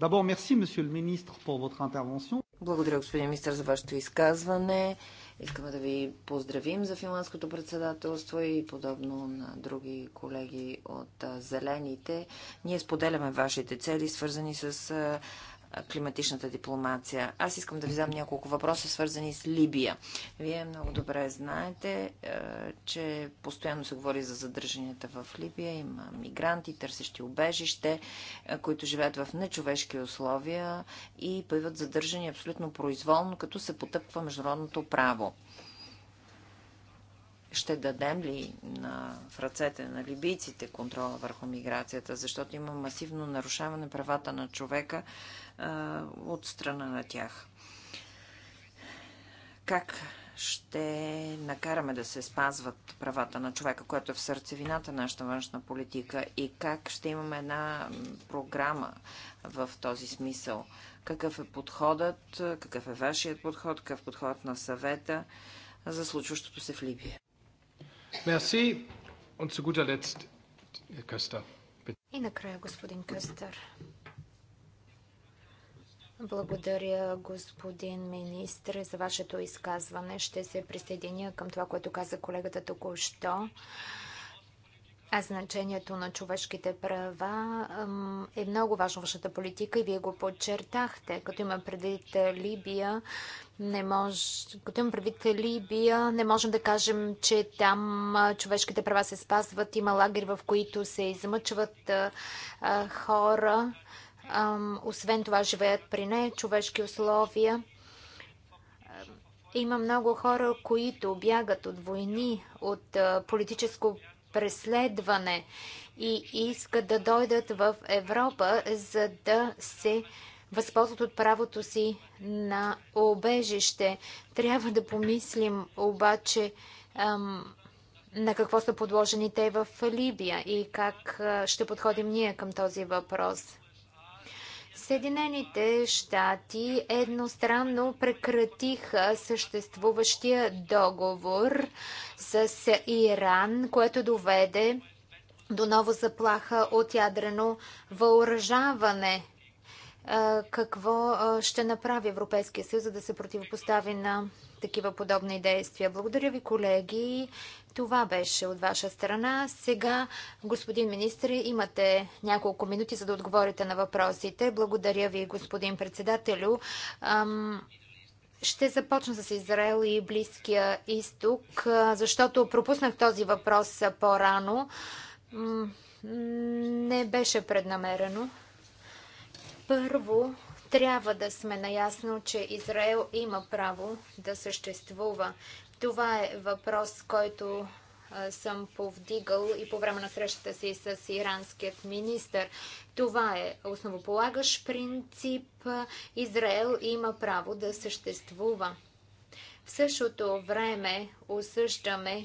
d'abord, мерси, monsieur министр, по pour votre Благодаря, господин министр, за вашето изказване. Искаме да ви поздравим за финландското председателство и подобно на други колеги от Зелените. Ние споделяме вашите цели, свързани с климатичната дипломация. Аз искам да ви задам няколко въпроса, свързани с Либия. Вие много добре знаете, е, че постоянно се говори за задържанията в Либия. Има мигранти, търсещи убежище, е, които живеят в нечовешки условия и появат задържани абсолютно произволно, като се потъпва международното право ще дадем ли на, в ръцете на либийците контрола върху миграцията, защото има масивно нарушаване правата на човека а, от страна на тях. Как ще накараме да се спазват правата на човека, което е в сърцевината на нашата външна политика и как ще имаме една програма в този смисъл. Какъв е подходът, какъв е вашият подход, какъв е подход на съвета за случващото се в Либия? Merci. Und zu guter Letzt, Herr Köster. И накрая господин Къстър. Благодаря, господин министр, за вашето изказване. Ще се присъединя към това, което каза колегата току-що. А значението на човешките права е много важно вашата политика и вие го подчертахте. Като има предвид Либия, не мож... като има предвид Либия, не можем да кажем, че там човешките права се спазват. Има лагери, в които се измъчват хора. Освен това живеят при не човешки условия. Има много хора, които бягат от войни, от политическо преследване и искат да дойдат в Европа, за да се възползват от правото си на обежище. Трябва да помислим обаче ам, на какво са подложени те в Либия и как ще подходим ние към този въпрос. Съединените щати едностранно прекратиха съществуващия договор с Иран, което доведе до нова заплаха от ядрено въоръжаване. Какво ще направи Европейския съюз, за да се противопостави на такива подобни действия. Благодаря ви, колеги. Това беше от ваша страна. Сега, господин министр, имате няколко минути, за да отговорите на въпросите. Благодаря ви, господин председателю. Ще започна с Израел и Близкия изток, защото пропуснах този въпрос по-рано. Не беше преднамерено. Първо, трябва да сме наясно, че Израел има право да съществува. Това е въпрос, който съм повдигал и по време на срещата си с иранският министр. Това е основополагащ принцип. Израел има право да съществува. В същото време осъждаме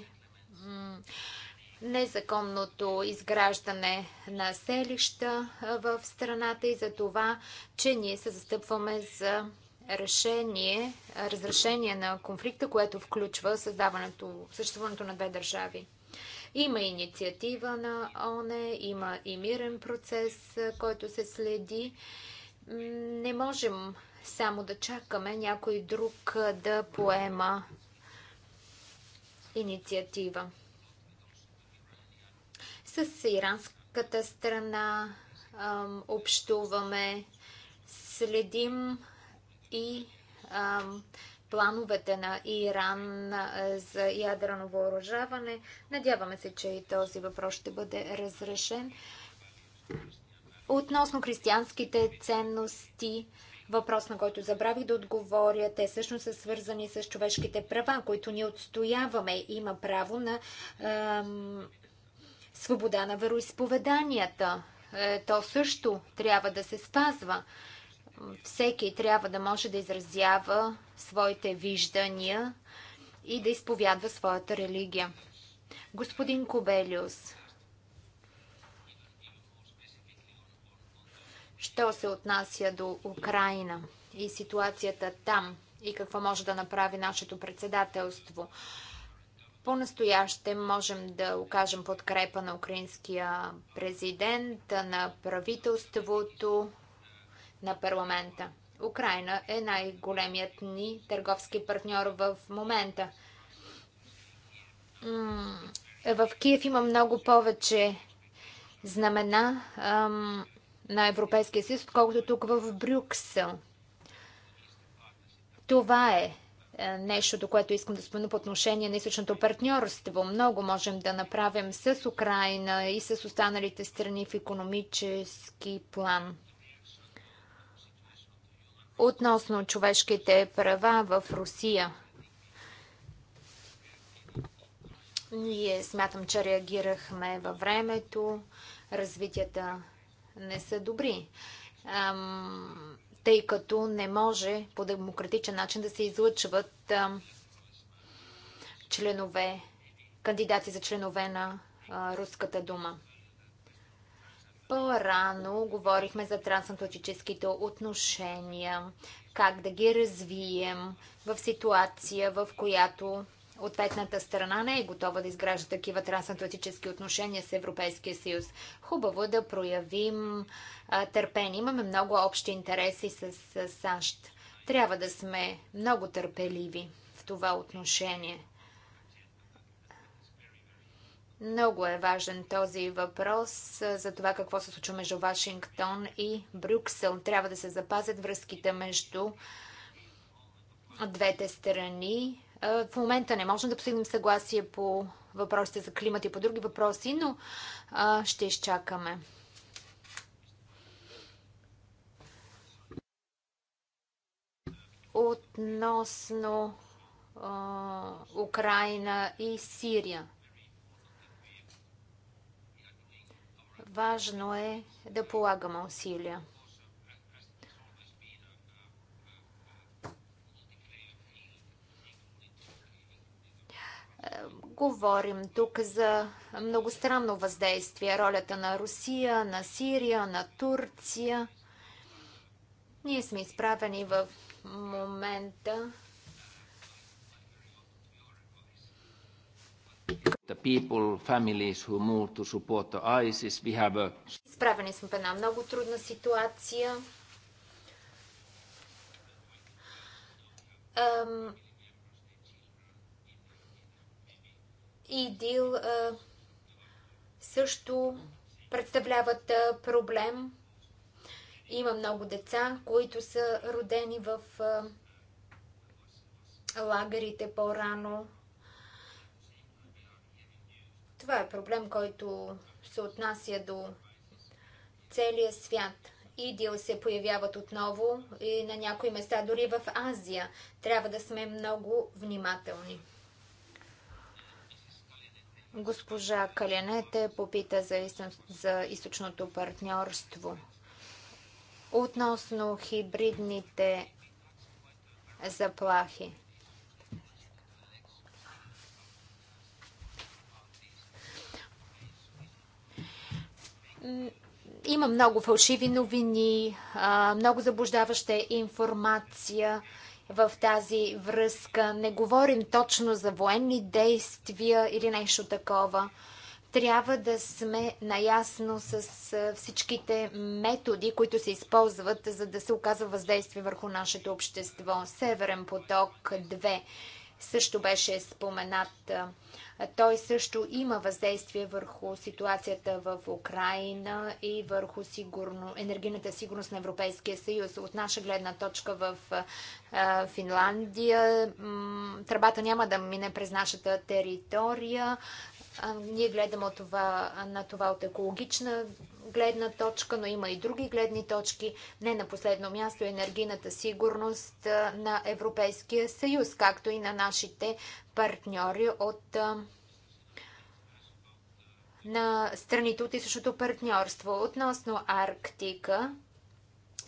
незаконното изграждане на селища в страната и за това, че ние се застъпваме за решение, разрешение на конфликта, което включва създаването, съществуването на две държави. Има инициатива на ОНЕ, има и мирен процес, който се следи. Не можем само да чакаме някой друг да поема инициатива. С иранската страна общуваме, следим и плановете на Иран за ядрено въоръжаване. Надяваме се, че и този въпрос ще бъде разрешен. Относно християнските ценности, въпрос на който забравих да отговоря, те също са свързани с човешките права, които ни отстояваме. Има право на Свобода на вероисповеданията. Е, то също трябва да се спазва. Всеки трябва да може да изразява своите виждания и да изповядва своята религия. Господин Кобелиус, що се отнася до Украина и ситуацията там и какво може да направи нашето председателство – по-настояще можем да окажем подкрепа на украинския президент, на правителството, на парламента. Украина е най-големият ни търговски партньор в момента. В Киев има много повече знамена на Европейския съюз, отколкото тук в Брюксел. Това е е, нещо, до което искам да спомена по отношение на източното партньорство. Много можем да направим с Украина и с останалите страни в економически план. Относно човешките права в Русия. Ние смятам, че реагирахме във времето. Развитията не са добри. Ам, тъй като не може по демократичен начин да се излъчват членове, кандидати за членове на Руската дума. По-рано говорихме за трансатлантическите отношения, как да ги развием в ситуация, в която Ответната страна не е готова да изгражда такива трансатлантически отношения с Европейския съюз. Хубаво е да проявим а, търпение. Имаме много общи интереси с, с САЩ. Трябва да сме много търпеливи в това отношение. Много е важен този въпрос за това какво се случва между Вашингтон и Брюксел. Трябва да се запазят връзките между двете страни е, в момента не можем да постигнем съгласие по въпросите за климат и по други въпроси, но ще изчакаме. Относно Украина и Сирия. Важно е да полагаме усилия. Говорим тук за многостранно въздействие, ролята на Русия, на Сирия, на Турция. Ние сме изправени в момента The people, families who move to support the ISIS, we have a... Изправени сме в една много трудна ситуация. Um, ИДИЛ също представляват проблем. Има много деца, които са родени в лагерите по-рано. Това е проблем, който се отнася до целия свят. Идил се появяват отново и на някои места, дори в Азия. Трябва да сме много внимателни. Госпожа Каленете попита за, за източното партньорство. Относно хибридните заплахи. Има много фалшиви новини, много заблуждаваща информация в тази връзка. Не говорим точно за военни действия или нещо такова. Трябва да сме наясно с всичките методи, които се използват, за да се оказва въздействие върху нашето общество. Северен поток 2 също беше споменат. Той също има въздействие върху ситуацията в Украина и върху сигурно, енергийната сигурност на Европейския съюз. От наша гледна точка в Финландия тръбата няма да мине през нашата територия ние гледаме това, на това от екологична гледна точка, но има и други гледни точки. Не на последно място е енергийната сигурност на Европейския съюз, както и на нашите партньори от на страните от източното партньорство. Относно Арктика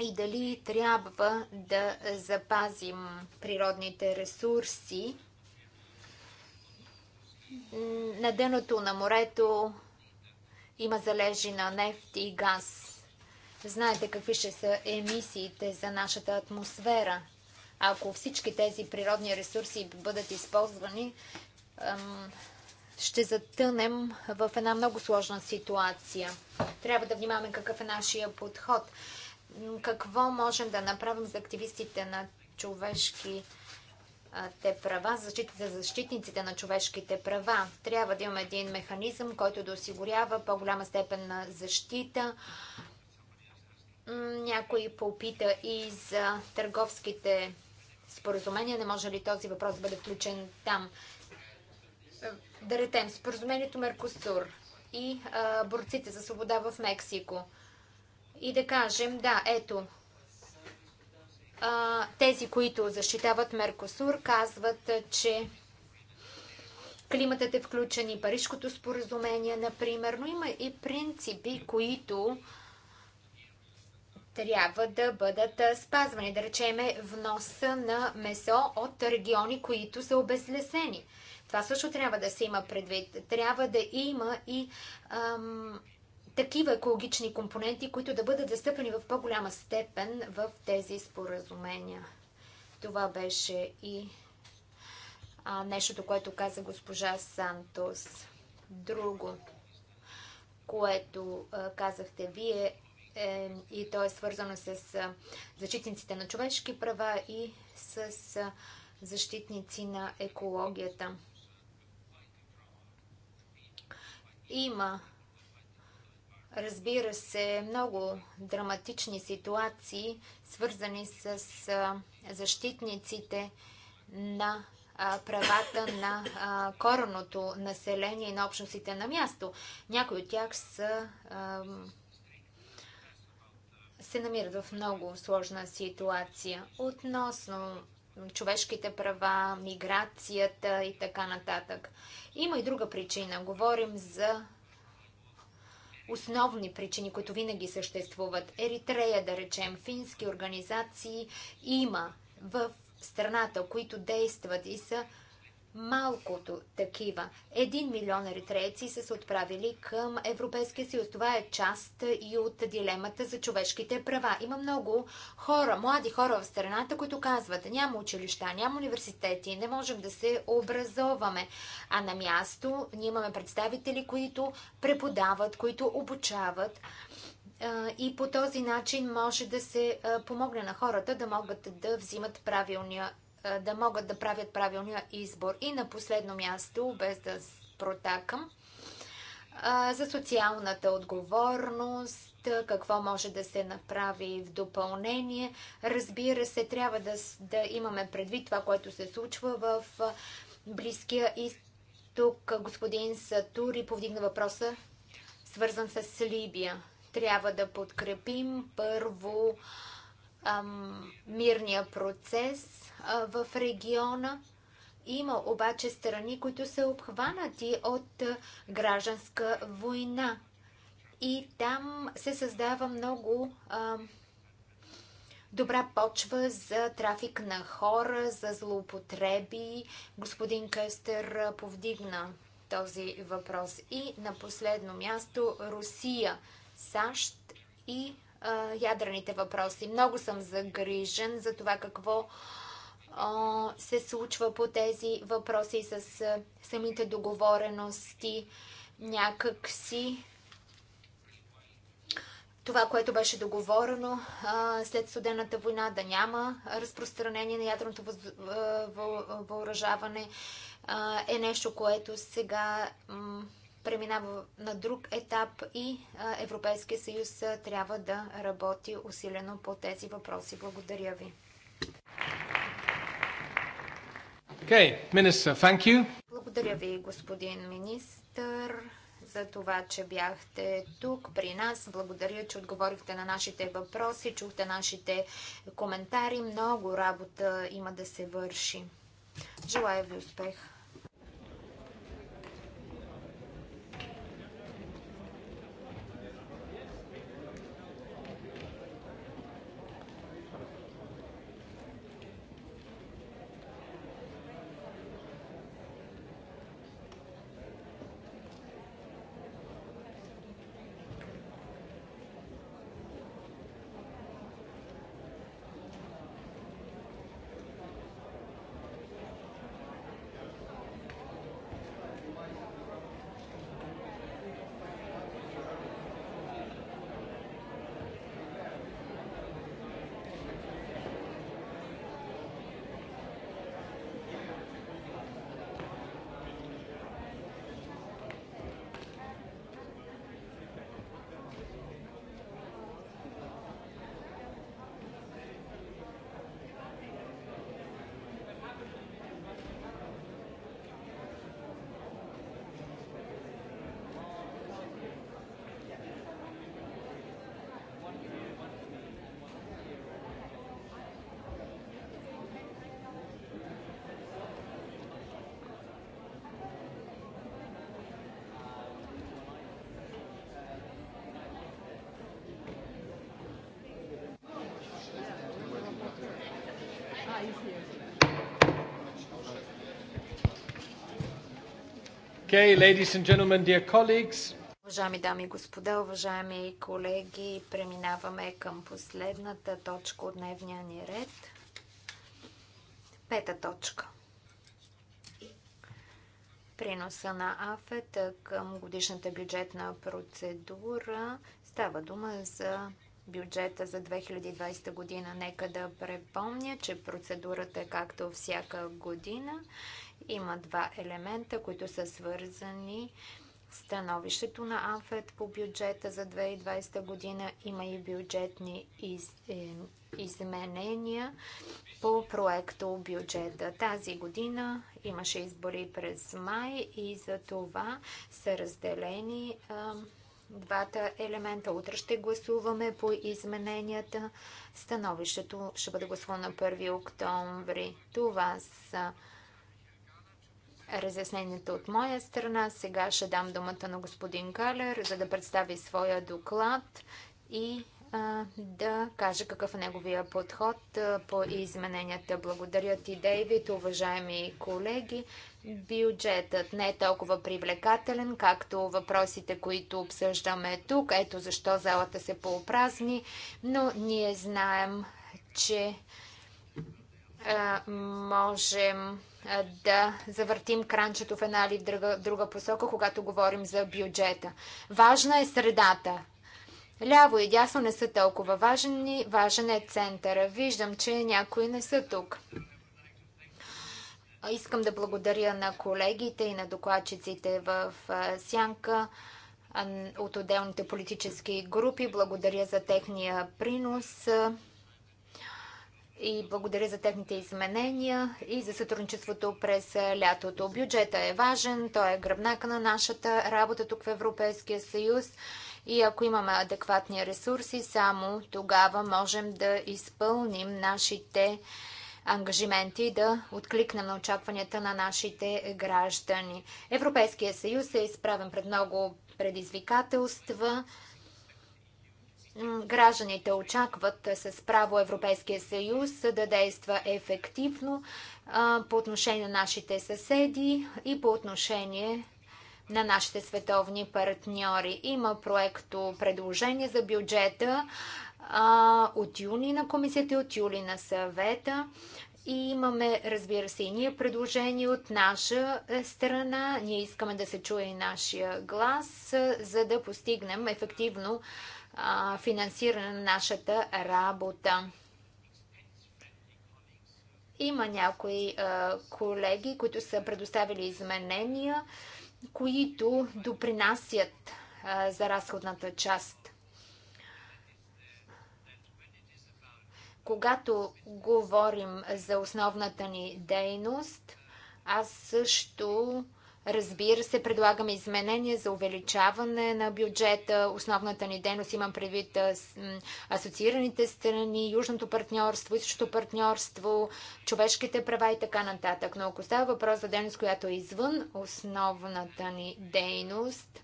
и дали трябва да запазим природните ресурси, на дъното на морето има залежи на нефт и газ. Знаете какви ще са емисиите за нашата атмосфера. Ако всички тези природни ресурси бъдат използвани, ще затънем в една много сложна ситуация. Трябва да внимаваме какъв е нашия подход. Какво можем да направим за активистите на човешки те права, защитите за защитниците на човешките права. Трябва да имаме един механизъм, който да осигурява по-голяма степен на защита. Някой попита и за търговските споразумения. Не може ли този въпрос да бъде включен там? Да ретем, споразумението Меркосур и борците за свобода в Мексико. И да кажем, да, ето, тези, които защитават Меркосур, казват, че климатът е включен и Парижкото споразумение, например, но има и принципи, които трябва да бъдат спазвани. Да речеме вноса на месо от региони, които са обезлесени. Това също трябва да се има предвид. Трябва да има и ам, такива екологични компоненти, които да бъдат застъпени в по-голяма степен в тези споразумения. Това беше и нещото, което каза госпожа Сантос. Друго, което казахте вие, е, и то е свързано с защитниците на човешки права и с защитници на екологията. Има Разбира се, много драматични ситуации, свързани с защитниците на правата на коронното население и на общностите на място. Някои от тях са, се намират в много сложна ситуация относно човешките права, миграцията и така нататък. Има и друга причина. Говорим за основни причини, които винаги съществуват. Еритрея, да речем, фински организации има в страната, които действат и са малкото такива. Един милион еритрейци са се отправили към Европейския съюз. Това е част и от дилемата за човешките права. Има много хора, млади хора в страната, които казват, няма училища, няма университети, не можем да се образоваме. А на място ние имаме представители, които преподават, които обучават. И по този начин може да се помогне на хората да могат да взимат правилния да могат да правят правилния избор. И на последно място, без да протакам, за социалната отговорност, какво може да се направи в допълнение. Разбира се, трябва да, да имаме предвид това, което се случва в Близкия изток. Господин Сатури повдигна въпроса, свързан с Либия. Трябва да подкрепим първо ам, мирния процес в региона. Има обаче страни, които са обхванати от гражданска война. И там се създава много а, добра почва за трафик на хора, за злоупотреби. Господин Къстер повдигна този въпрос. И на последно място Русия, САЩ и а, ядрените въпроси. Много съм загрижен за това какво се случва по тези въпроси с самите договорености някакси. Това, което беше договорено след студената война, да няма разпространение на ядреното въоръжаване, е нещо, което сега преминава на друг етап и Европейския съюз трябва да работи усилено по тези въпроси. Благодаря ви. Okay, minister, thank you. Благодаря ви, господин министър, за това, че бяхте тук при нас. Благодаря, че отговорихте на нашите въпроси, чухте нашите коментари. Много работа има да се върши. Желая ви успех! Okay, ladies and gentlemen, dear colleagues. Уважаеми дами и господа, уважаеми колеги, преминаваме към последната точка от дневния ни ред. Пета точка. Приноса на АФЕТ към годишната бюджетна процедура. Става дума за бюджета за 2020 година. Нека да препомня, че процедурата е както всяка година има два елемента, които са свързани. Становището на АМФЕД по бюджета за 2020 година има и бюджетни из, е, изменения по проекто бюджета. Тази година имаше избори през май и за това са разделени е, двата елемента. Утре ще гласуваме по измененията. Становището ще бъде гласувано на 1 октомври. Това са разясненията от моя страна. Сега ще дам думата на господин Калер, за да представи своя доклад и а, да каже какъв е неговия подход а, по измененията. Благодаря ти, Дейвид, уважаеми колеги. Бюджетът не е толкова привлекателен, както въпросите, които обсъждаме тук. Ето защо залата се поопразни, но ние знаем, че е, можем е, да завъртим кранчето в една или друга, друга посока, когато говорим за бюджета. Важна е средата. Ляво и дясно не са толкова важни, важен е центъра. Виждам, че някои не са тук. Искам да благодаря на колегите и на докладчиците в е, Сянка от отделните политически групи. Благодаря за техния принос и благодаря за техните изменения и за сътрудничеството през лятото. Бюджета е важен, той е гръбнака на нашата работа тук в Европейския съюз и ако имаме адекватни ресурси, само тогава можем да изпълним нашите ангажименти да откликнем на очакванията на нашите граждани. Европейския съюз е изправен пред много предизвикателства. Гражданите очакват с право Европейския съюз да действа ефективно по отношение на нашите съседи и по отношение на нашите световни партньори. Има проекто предложение за бюджета от юни на комисията и от юли на съвета. И имаме, разбира се, и ние предложение от наша е, страна. Ние искаме да се чуе и нашия глас, за да постигнем ефективно финансиране на нашата работа. Има някои колеги, които са предоставили изменения, които допринасят за разходната част. Когато говорим за основната ни дейност, аз също Разбира се, предлагаме изменения за увеличаване на бюджета. Основната ни дейност имам предвид асоциираните страни, Южното партньорство, Източното партньорство, човешките права и така нататък. Но ако става въпрос за дейност, която е извън основната ни дейност,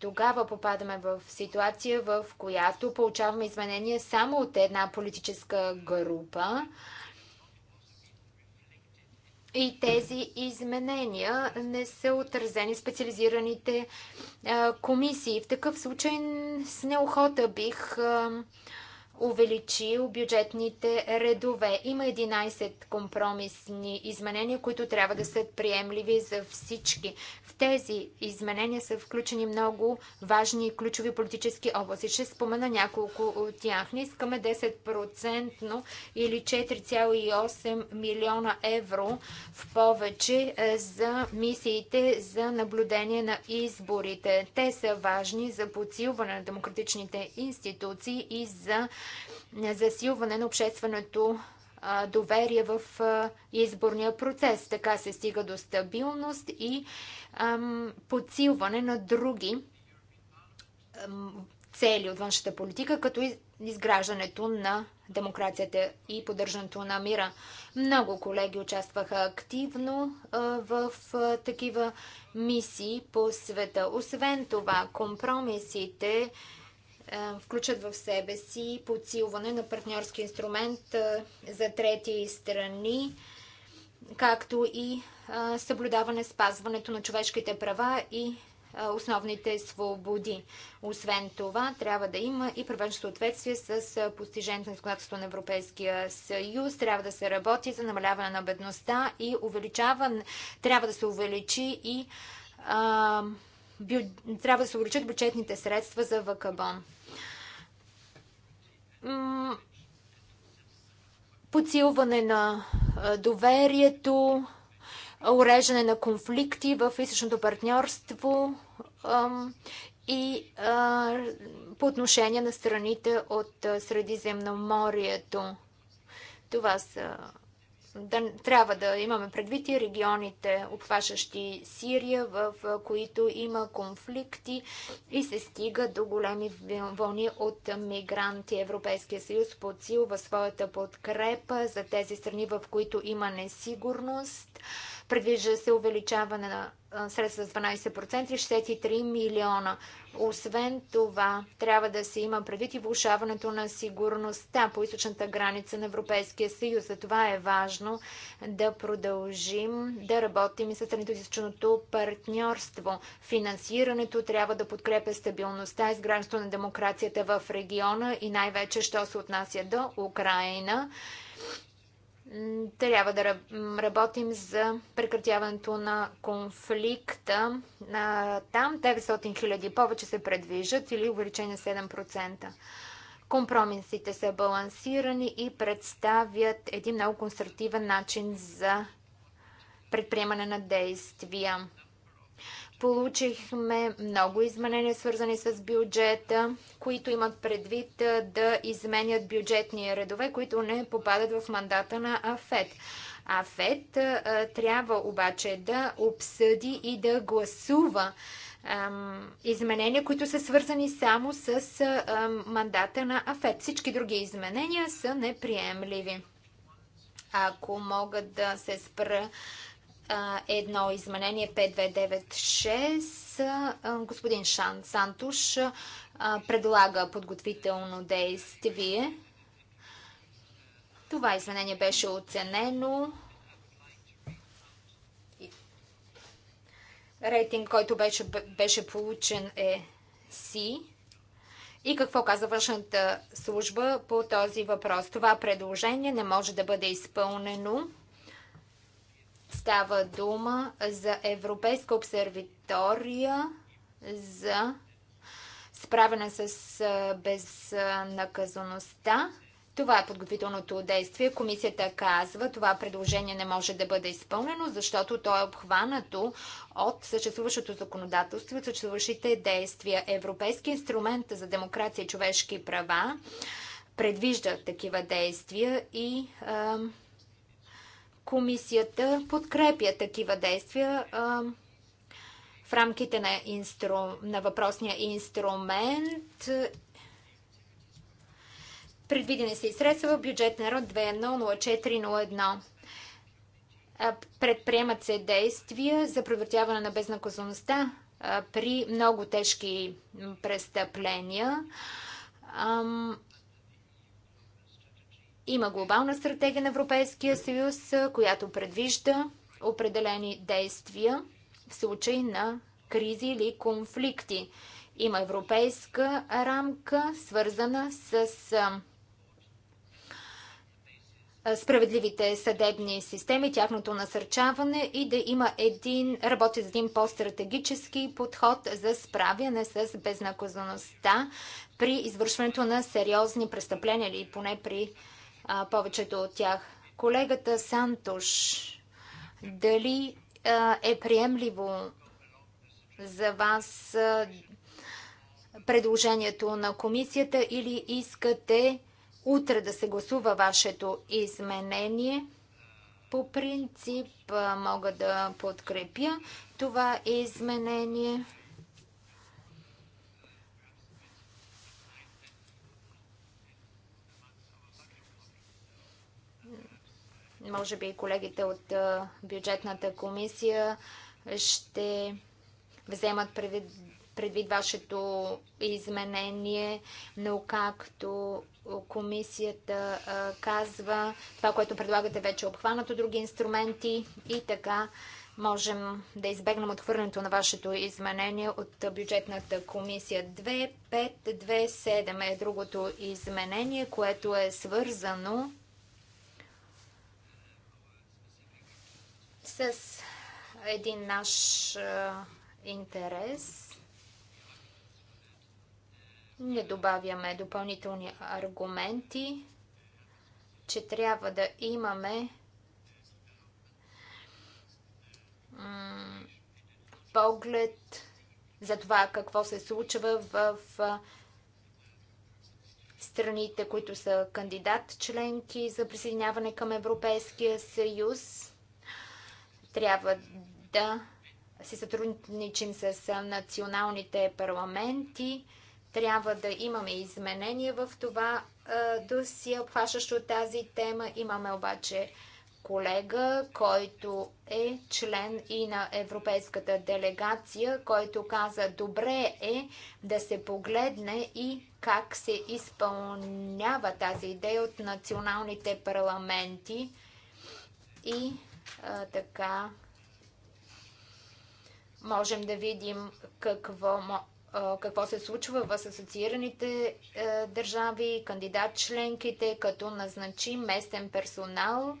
тогава попадаме в ситуация, в която получаваме изменения само от една политическа група и тези изменения не са отразени в специализираните комисии. В такъв случай с неохота бих увеличил бюджетните редове. Има 11 компромисни изменения, които трябва да са приемливи за всички. В тези изменения са включени много важни и ключови политически области. Ще спомена няколко от тях. Не искаме 10% или 4,8 милиона евро в повече е, за мисиите за наблюдение на изборите. Те са важни за подсилване на демократичните институции и за засилване на общественото доверие в изборния процес. Така се стига до стабилност и подсилване на други цели от външната политика, като изграждането на демокрацията и поддържането на мира. Много колеги участваха активно в такива мисии по света. Освен това, компромисите е, включат в себе си подсилване на партньорски инструмент е, за трети страни, както и е, съблюдаване спазването на човешките права и основните свободи. Освен това, трябва да има и правенщо съответствие с постижението на законодателство на Европейския съюз. Трябва да се работи за намаляване на бедността и увеличаване. Трябва да се увеличи и а, бю... трябва да се увеличат бюджетните средства за ВКБОН подсилване на доверието, уреждане на конфликти в източното партньорство и по отношение на страните от Средиземноморието. Това са да, трябва да имаме предвид и регионите, обхващащи Сирия, в които има конфликти и се стига до големи вълни от мигранти. Европейския съюз подсилва своята подкрепа за тези страни, в които има несигурност Предвижда се увеличаване на средства с 12%, 63 милиона. Освен това, трябва да се има предвид и влушаването на сигурността по източната граница на Европейския съюз. За това е важно да продължим да работим и с източното партньорство. Финансирането трябва да подкрепя стабилността и изграждането на демокрацията в региона и най-вече, що се отнася до Украина трябва да работим за прекратяването на конфликта. Там 900 хиляди повече се предвижат или увеличение 7%. Компромисите са балансирани и представят един много конструктивен начин за предприемане на действия. Получихме много изменения, свързани с бюджета, които имат предвид да изменят бюджетни редове, които не попадат в мандата на АФЕД. АФЕД трябва обаче да обсъди и да гласува изменения, които са свързани само с мандата на АФЕД. Всички други изменения са неприемливи. Ако мога да се спра едно изменение 5296. Господин Шан Сантуш предлага подготвително действие. Това изменение беше оценено. Рейтинг, който беше, беше получен е C. И какво каза външната служба по този въпрос? Това предложение не може да бъде изпълнено Става дума за Европейска обсерватория за справяне с безнаказаността. Това е подготвителното действие. Комисията казва, това предложение не може да бъде изпълнено, защото то е обхванато от съществуващото законодателство и съществуващите действия. Европейски инструмент за демокрация и човешки права предвижда такива действия и е, Комисията подкрепя такива действия в рамките на, инстру... на въпросния инструмент. Предвидени са и средства в бюджет на род 210401. Предприемат се действия за превъртяване на безнаказаността при много тежки престъпления. Има глобална стратегия на Европейския съюз, която предвижда определени действия в случай на кризи или конфликти. Има европейска рамка, свързана с справедливите съдебни системи, тяхното насърчаване и да има един, работи за един по-стратегически подход за справяне с безнаказаността при извършването на сериозни престъпления или поне при а, повечето от тях. Колегата Сантош, дали а, е приемливо за вас а, предложението на комисията или искате утре да се гласува вашето изменение? По принцип мога да подкрепя това изменение. Може би колегите от бюджетната комисия ще вземат предвид, предвид вашето изменение, но както комисията казва, това, което предлагате вече е обхванато други инструменти и така можем да избегнем отхвърлянето на вашето изменение от бюджетната комисия. 2527 е другото изменение, което е свързано с един наш интерес. Не добавяме допълнителни аргументи, че трябва да имаме поглед за това какво се случва в, в страните, които са кандидат членки за присъединяване към Европейския съюз. Трябва да си сътрудничим с националните парламенти. Трябва да имаме изменения в това досие, обхващащо тази тема. Имаме обаче колега, който е член и на европейската делегация, който каза добре е да се погледне и как се изпълнява тази идея от националните парламенти и така можем да видим какво, какво се случва в асоциираните е, държави, кандидат-членките, като назначи местен персонал,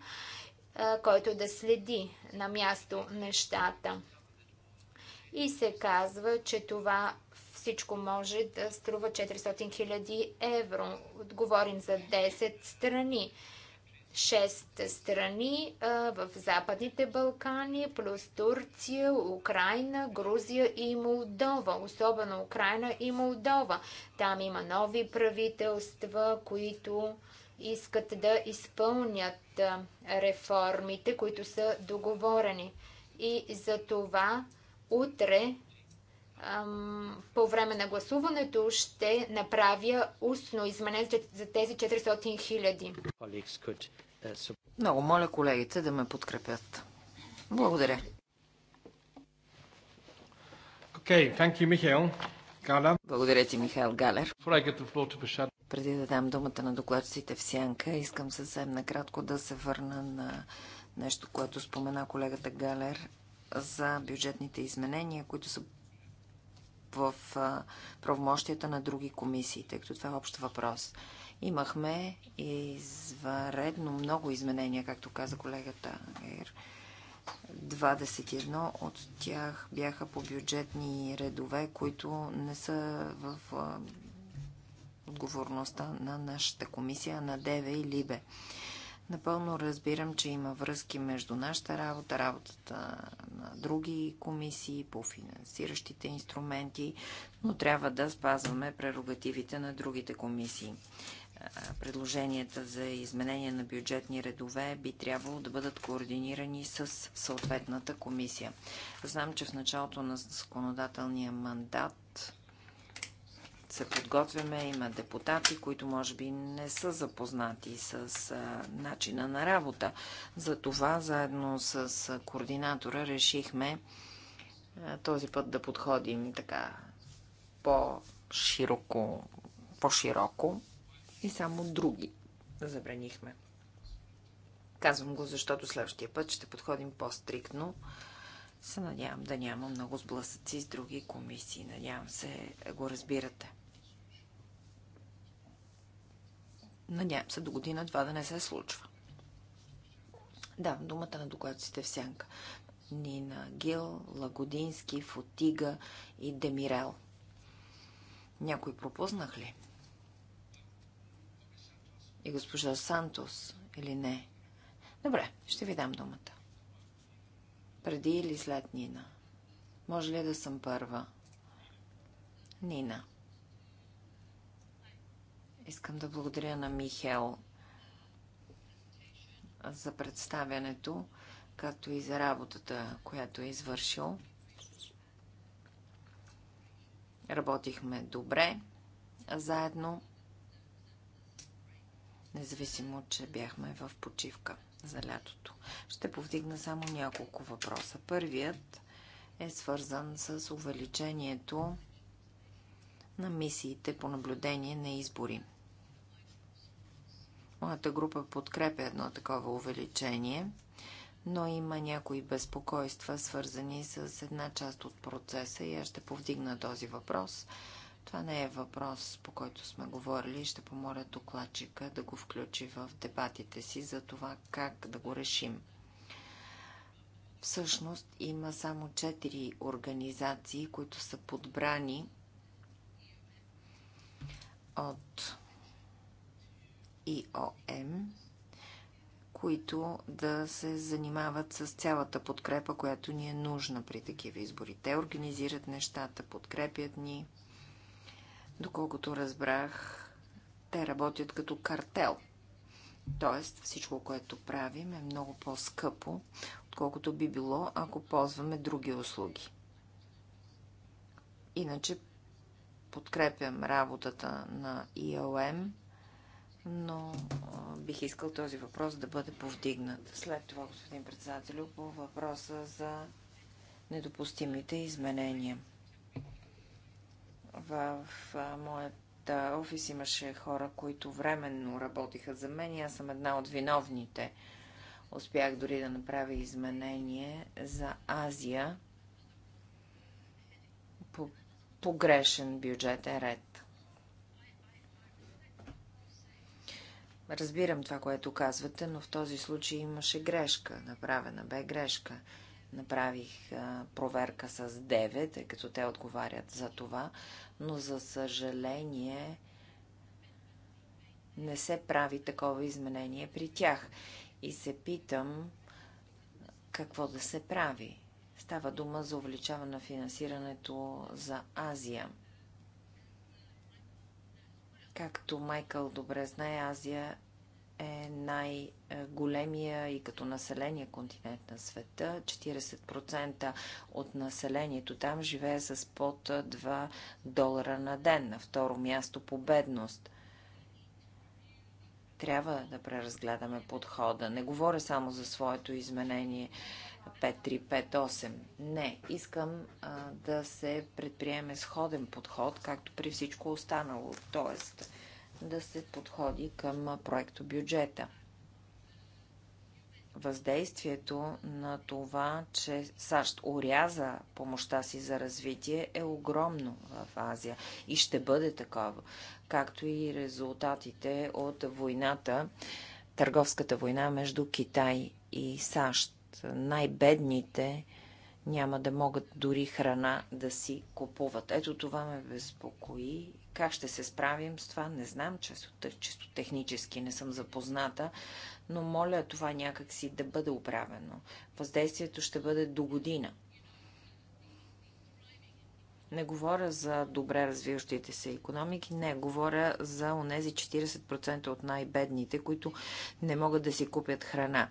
е, който да следи на място нещата. И се казва, че това всичко може да струва 400 000 евро. Говорим за 10 страни шест страни в Западните Балкани, плюс Турция, Украина, Грузия и Молдова. Особено Украина и Молдова. Там има нови правителства, които искат да изпълнят реформите, които са договорени. И за това утре по време на гласуването ще направя устно изменение за тези 400 хиляди. Uh, Много моля колегите да ме подкрепят. Благодаря. Okay, thank you, Michael. Gala. Благодаря ти, Михаил Галер. Преди да дам думата на докладците в Сянка, искам съвсем накратко да се върна на нещо, което спомена колегата Галер за бюджетните изменения, които са в правомощията на други комисии, тъй като това е общ въпрос. Имахме извънредно много изменения, както каза колегата Ер, 21 от тях бяха по бюджетни редове, които не са в отговорността на нашата комисия на ДВ и Либе. Напълно разбирам, че има връзки между нашата работа, работата на други комисии по финансиращите инструменти, но трябва да спазваме прерогативите на другите комисии. Предложенията за изменение на бюджетни редове би трябвало да бъдат координирани с съответната комисия. Знам, че в началото на законодателния мандат се подготвяме. Има депутати, които може би не са запознати с начина на работа. Затова заедно с координатора решихме този път да подходим така по-широко, по-широко и само други да забранихме. Казвам го, защото следващия път ще подходим по-стриктно. Се надявам да няма много сблъсъци с други комисии. Надявам се го разбирате. Надявам се до година това да не се случва. Да, думата на докладците в сянка. Нина Гил, Лагодински, Фотига и Демирел. Някой пропуснах ли? И госпожа Сантос или не? Добре, ще ви дам думата. Преди или след Нина? Може ли да съм първа? Нина. Искам да благодаря на Михел за представянето, както и за работата, която е извършил. Работихме добре заедно, независимо, че бяхме в почивка за лятото. Ще повдигна само няколко въпроса. Първият е свързан с увеличението на мисиите по наблюдение на избори. Моята група подкрепя едно такова увеличение, но има някои безпокойства, свързани с една част от процеса и аз ще повдигна този въпрос. Това не е въпрос, по който сме говорили. Ще помоля докладчика да го включи в дебатите си за това как да го решим. Всъщност има само четири организации, които са подбрани от и ОМ, които да се занимават с цялата подкрепа, която ни е нужна при такива избори. Те организират нещата, подкрепят ни. Доколкото разбрах, те работят като картел. Тоест, всичко, което правим е много по-скъпо, отколкото би било, ако ползваме други услуги. Иначе подкрепям работата на ИОМ но а, бих искал този въпрос да бъде повдигнат. След това, господин председател, по въпроса за недопустимите изменения. В а, моята офис имаше хора, които временно работиха за мен и аз съм една от виновните. Успях дори да направя изменение за Азия по погрешен бюджетен ред. Разбирам това, което казвате, но в този случай имаше грешка. Направена бе грешка. Направих а, проверка с 9, тъй като те отговарят за това, но за съжаление не се прави такова изменение при тях. И се питам какво да се прави. Става дума за увеличаване на финансирането за Азия. Както Майкъл добре знае, Азия е най-големия и като население континент на света. 40% от населението там живее с под 2 долара на ден. На второ място по бедност. Трябва да преразгледаме подхода. Не говоря само за своето изменение. 5358. Не, искам а, да се предприеме сходен подход, както при всичко останало, т.е. да се подходи към проекто бюджета. Въздействието на това, че САЩ оряза помощта си за развитие е огромно в Азия и ще бъде такова, както и резултатите от войната, търговската война между Китай и САЩ най-бедните няма да могат дори храна да си купуват. Ето това ме безпокои. Как ще се справим с това? Не знам, често, чисто технически не съм запозната, но моля това някакси да бъде управено. Въздействието ще бъде до година. Не говоря за добре развиващите се економики, не, говоря за онези 40% от най-бедните, които не могат да си купят храна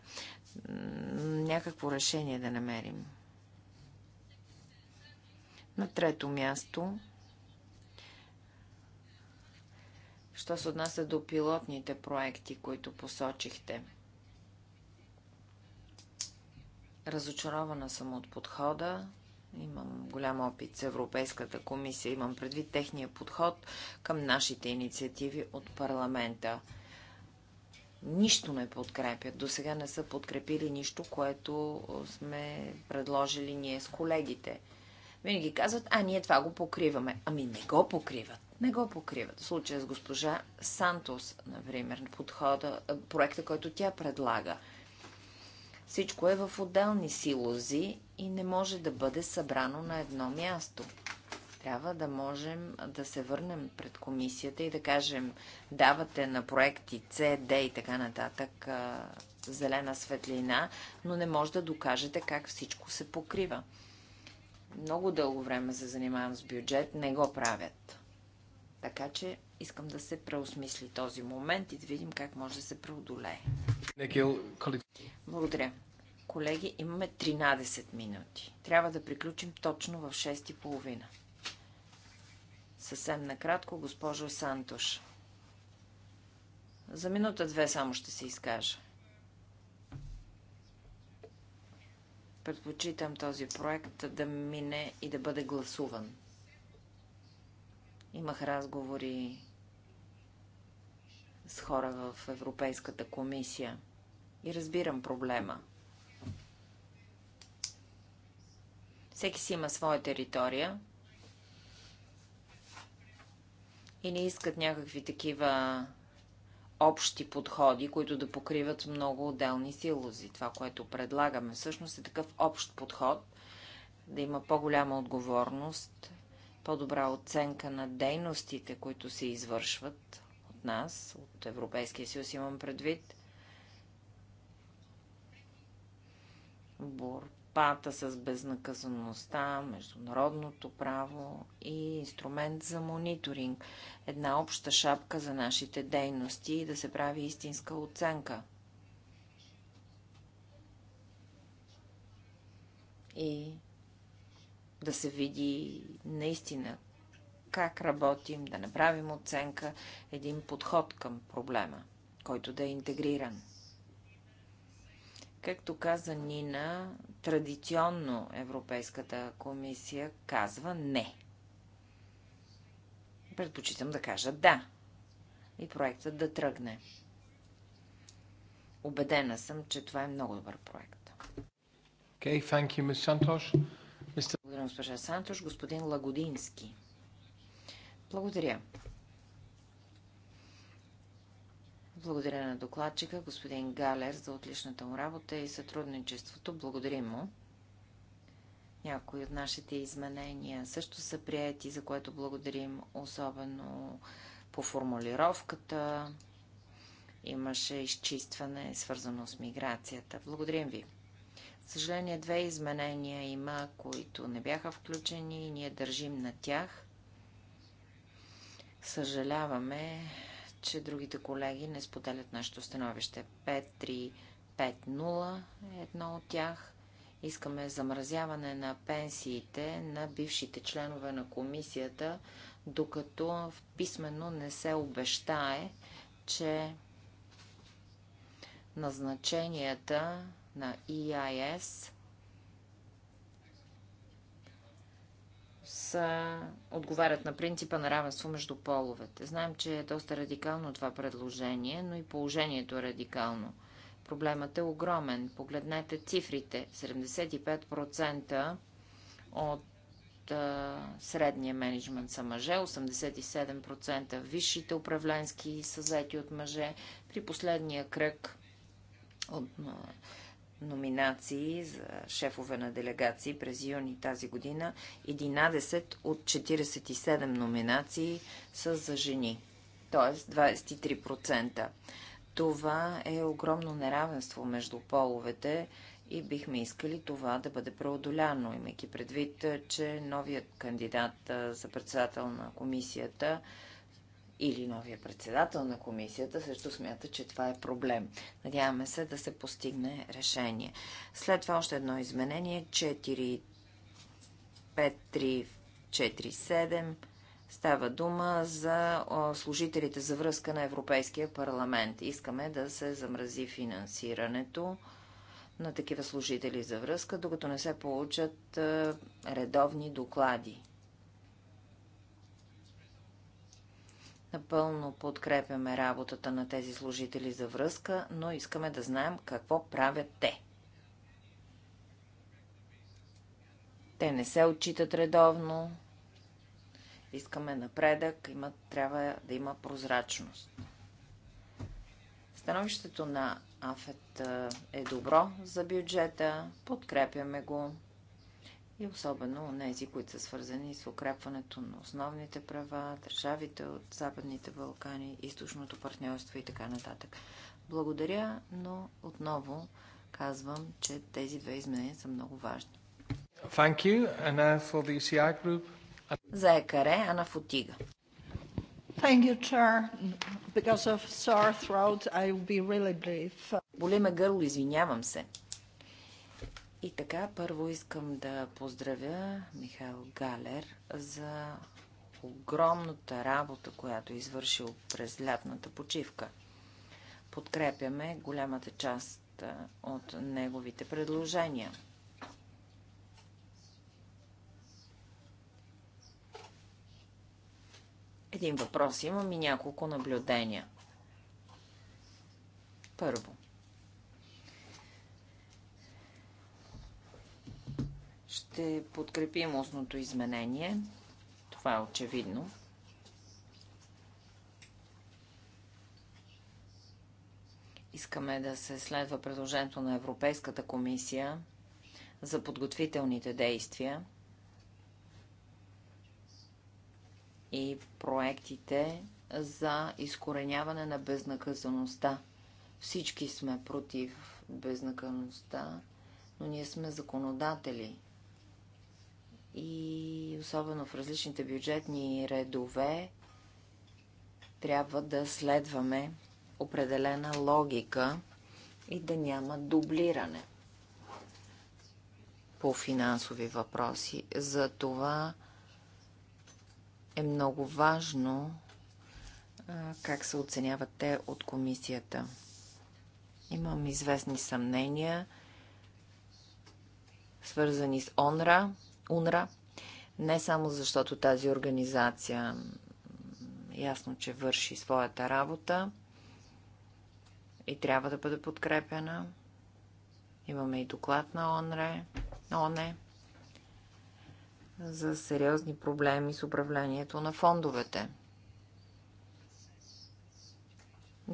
някакво решение да намерим. На трето място, що се отнася до пилотните проекти, които посочихте. Разочарована съм от подхода. Имам голям опит с Европейската комисия. Имам предвид техния подход към нашите инициативи от парламента – нищо не подкрепят. До сега не са подкрепили нищо, което сме предложили ние с колегите. Винаги казват, а ние това го покриваме. Ами не го покриват. Не го покриват. В случая с госпожа Сантос, например, подхода, проекта, който тя предлага. Всичко е в отделни силози и не може да бъде събрано на едно място. Трябва да можем да се върнем пред комисията и да кажем, давате на проекти C, D и така нататък зелена светлина, но не може да докажете как всичко се покрива. Много дълго време се занимавам с бюджет, не го правят. Така че искам да се преосмисли този момент и да видим как може да се преодолее. Благодаря. Колеги, имаме 13 минути. Трябва да приключим точно в 6.30. Съвсем накратко, госпожо Сантош. За минута-две само ще се изкажа. Предпочитам този проект да мине и да бъде гласуван. Имах разговори с хора в Европейската комисия и разбирам проблема. Всеки си има своя територия и не искат някакви такива общи подходи, които да покриват много отделни силози. Това, което предлагаме всъщност е такъв общ подход, да има по-голяма отговорност, по-добра оценка на дейностите, които се извършват от нас, от Европейския съюз имам предвид, борба борбата с безнаказаността, международното право и инструмент за мониторинг. Една обща шапка за нашите дейности и да се прави истинска оценка. И да се види наистина как работим, да направим оценка, един подход към проблема, който да е интегриран. Както каза Нина, традиционно Европейската комисия казва не. Предпочитам да кажа да и проектът да тръгне. Обедена съм, че това е много добър проект. Okay, thank you, Ms. Santosh. Mr. Благодаря, госпожа Сантош. Господин Лагодински. Благодаря. Благодаря на докладчика, господин Галер, за отличната му работа и сътрудничеството. Благодарим му. Някои от нашите изменения също са прияти, за което благодарим, особено по формулировката. Имаше изчистване, свързано с миграцията. Благодарим ви. съжаление, две изменения има, които не бяха включени и ние държим на тях. Съжаляваме, че другите колеги не споделят нашето становище. 5350 е едно от тях. Искаме замразяване на пенсиите на бившите членове на комисията, докато в писменно не се обещае, че назначенията на EIS а, отговарят на принципа на равенство между половете. Знаем, че е доста радикално това предложение, но и положението е радикално. Проблемът е огромен. Погледнете цифрите. 75% от средния менеджмент са мъже, 87% висшите управленски са заети от мъже. При последния кръг от номинации за шефове на делегации през юни тази година. 11 от 47 номинации са за жени, т.е. 23%. Това е огромно неравенство между половете и бихме искали това да бъде преодоляно, имайки предвид, че новият кандидат за председател на комисията или новия председател на комисията също смята, че това е проблем. Надяваме се да се постигне решение. След това още едно изменение 45347 става дума за служителите за връзка на Европейския парламент. Искаме да се замрази финансирането на такива служители за връзка, докато не се получат е, редовни доклади. Напълно подкрепяме работата на тези служители за връзка, но искаме да знаем какво правят те. Те не се отчитат редовно. Искаме напредък, има, трябва да има прозрачност. Становището на АФЕТ е добро за бюджета, подкрепяме го и особено нези, които са свързани с укрепването на основните права, държавите от Западните Балкани, източното партньорство и така нататък. Благодаря, но отново казвам, че тези две изменения са много важни. Thank you. And now for the UCI e group. За екаре, Ана Футига. Thank you, Chair. Because of sore throat, I will be really brief. Боли ме гърло, извинявам се. И така, първо искам да поздравя Михаил Галер за огромната работа, която е извършил през лятната почивка. Подкрепяме голямата част от неговите предложения. Един въпрос имам и няколко наблюдения. Първо. ще подкрепим устното изменение. Това е очевидно. Искаме да се следва предложението на Европейската комисия за подготвителните действия и проектите за изкореняване на безнаказаността. Всички сме против безнаказаността, но ние сме законодатели и особено в различните бюджетни редове трябва да следваме определена логика и да няма дублиране по финансови въпроси. За това е много важно как се оценяват те от комисията. Имам известни съмнения, свързани с ОНРА УНРА, не само защото тази организация ясно, че върши своята работа и трябва да бъде подкрепена. Имаме и доклад на ОНРЕ, ОНЕ за сериозни проблеми с управлението на фондовете.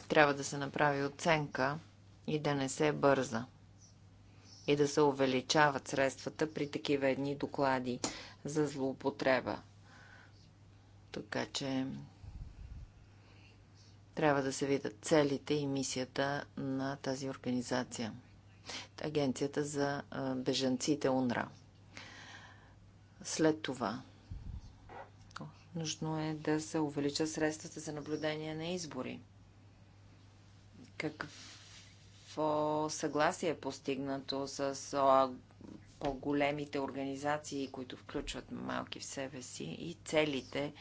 Трябва да се направи оценка и да не се бърза и да се увеличават средствата при такива едни доклади за злоупотреба. Така че трябва да се видят целите и мисията на тази организация. Агенцията за бежанците УНРА. След това нужно е да се увеличат средствата за наблюдение на избори. Какъв какво съгласие е постигнато с по-големите организации, които включват малки в себе си и целите,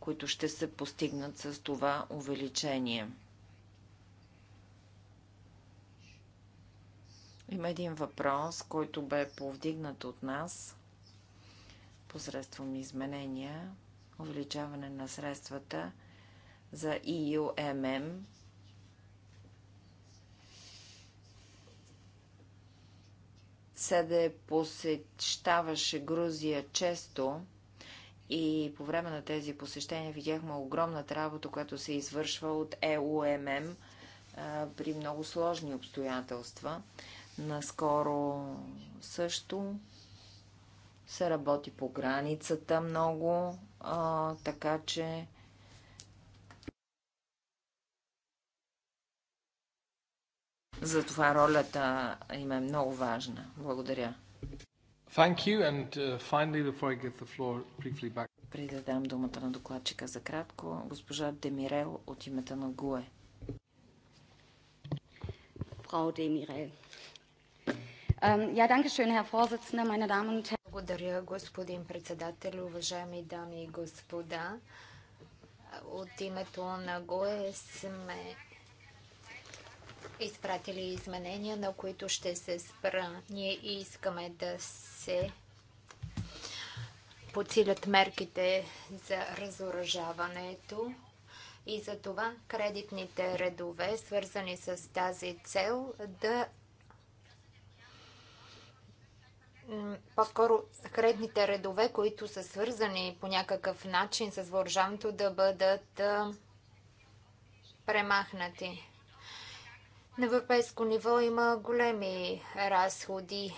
които ще се постигнат с това увеличение. Има един въпрос, който бе повдигнат от нас посредством изменения, увеличаване на средствата за EUMM Седе посещаваше Грузия често и по време на тези посещения видяхме огромната работа, която се извършва от ЕУММ при много сложни обстоятелства. Наскоро също се работи по границата много, а, така че Затова ролята им е много важна. Благодаря. Thank you and uh, finally before I give the floor briefly back. Преди думата на докладчика за кратко, госпожа Демирел от името на ГУЕ. Frau Демирел. Ja, danke schön, Herr Vorsitzender, meine Damen und Herren. Благодаря, господин председател, уважаеми дами и господа. От името на ГОЕ сме изпратили изменения, на които ще се спра. Ние искаме да се подсилят мерките за разоръжаването и за това кредитните редове, свързани с тази цел, да по-скоро кредитните редове, които са свързани по някакъв начин с въоръжаването, да бъдат премахнати. На европейско ниво има големи разходи.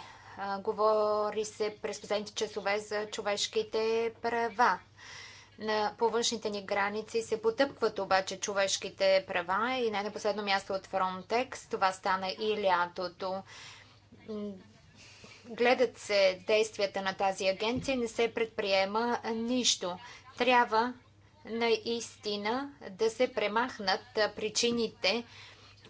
Говори се през последните часове за човешките права. На повършните ни граници се потъпват обаче човешките права и не на последно място от Frontex. Това стана и лятото. Гледат се действията на тази агенция, не се предприема нищо. Трябва наистина да се премахнат причините,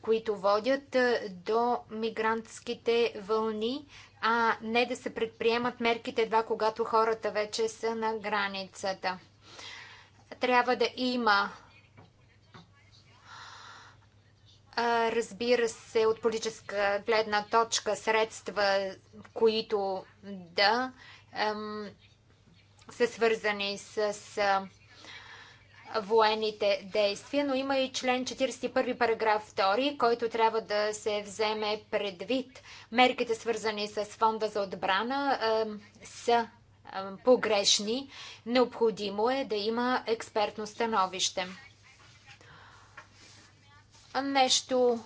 които водят до мигрантските вълни, а не да се предприемат мерките едва когато хората вече са на границата. Трябва да има разбира се, от политическа гледна точка средства, които да са свързани с военните действия, но има и член 41 параграф 2, който трябва да се вземе предвид. Мерките свързани с фонда за отбрана са погрешни. Необходимо е да има експертно становище. Нещо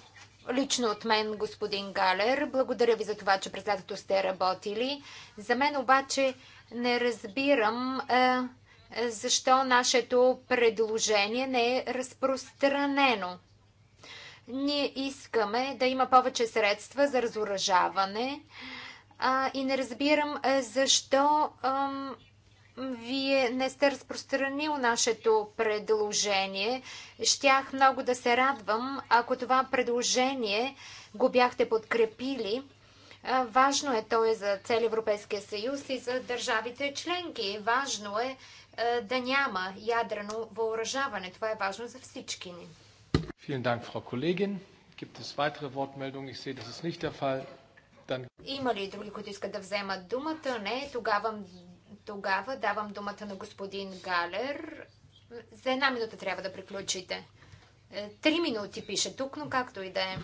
лично от мен, господин Галер. Благодаря ви за това, че през лятото сте работили. За мен обаче не разбирам е, защо нашето предложение не е разпространено. Ние искаме да има повече средства за разоръжаване и не разбирам защо вие не сте разпространил нашето предложение. Щях много да се радвам, ако това предложение го бяхте подкрепили. Важно е то е за цели Европейския съюз и за държавите членки. Важно е е, да няма ядрено въоръжаване. Това е важно за всички ни. Има ли други, които искат да вземат думата? Не. Тогава, тогава давам думата на господин Галер. За една минута трябва да приключите. Е, три минути пише тук, но както и да е.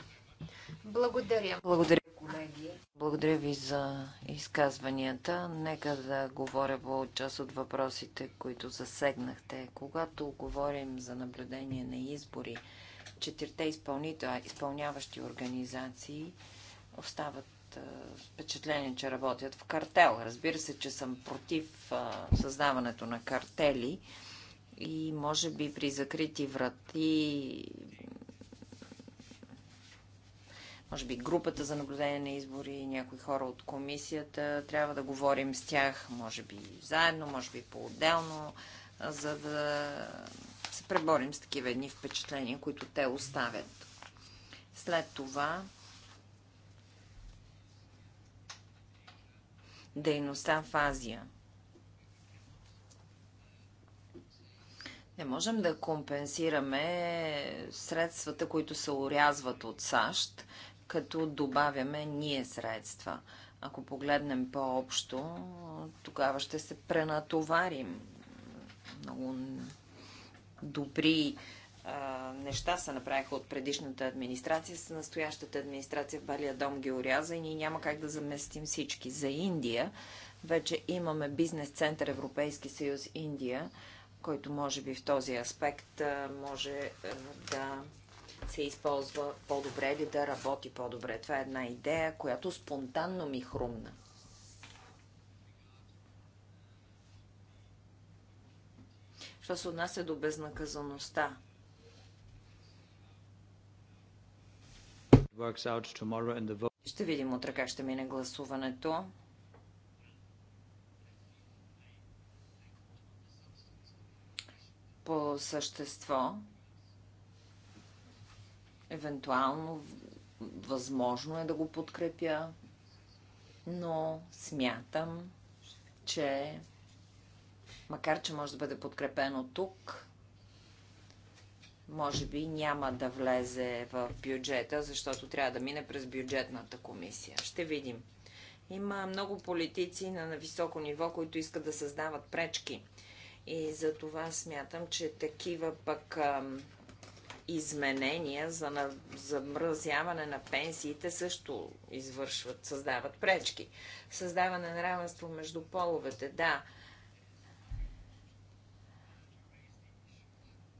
Благодаря. Благодаря, колеги. Благодаря ви за изказванията. Нека да говоря по част от въпросите, които засегнахте. Когато говорим за наблюдение на избори, четирите изпълняващи организации остават впечатление, че работят в картел. Разбира се, че съм против създаването на картели и може би при закрити врати може би групата за наблюдение на избори, някои хора от комисията. Трябва да говорим с тях, може би заедно, може би по-отделно, за да се преборим с такива едни впечатления, които те оставят. След това дейността в Азия. Не можем да компенсираме средствата, които се урязват от САЩ като добавяме ние средства. Ако погледнем по-общо, тогава ще се пренатоварим. Много добри а, неща се направиха от предишната администрация с настоящата администрация в Балия дом ги оряза и ние няма как да заместим всички. За Индия вече имаме бизнес център Европейски съюз Индия, който може би в този аспект може да се използва по-добре или да работи по-добре. Това е една идея, която спонтанно ми хрумна. Що се отнася до безнаказаността? Ще видим утре как ще мине гласуването. По същество, Евентуално възможно е да го подкрепя, но смятам, че макар, че може да бъде подкрепено тук, може би няма да влезе в бюджета, защото трябва да мине през бюджетната комисия. Ще видим. Има много политици на високо ниво, които искат да създават пречки. И за това смятам, че такива пък ам, изменения за замразяване на пенсиите също извършват, създават пречки. Създаване на равенство между половете, да.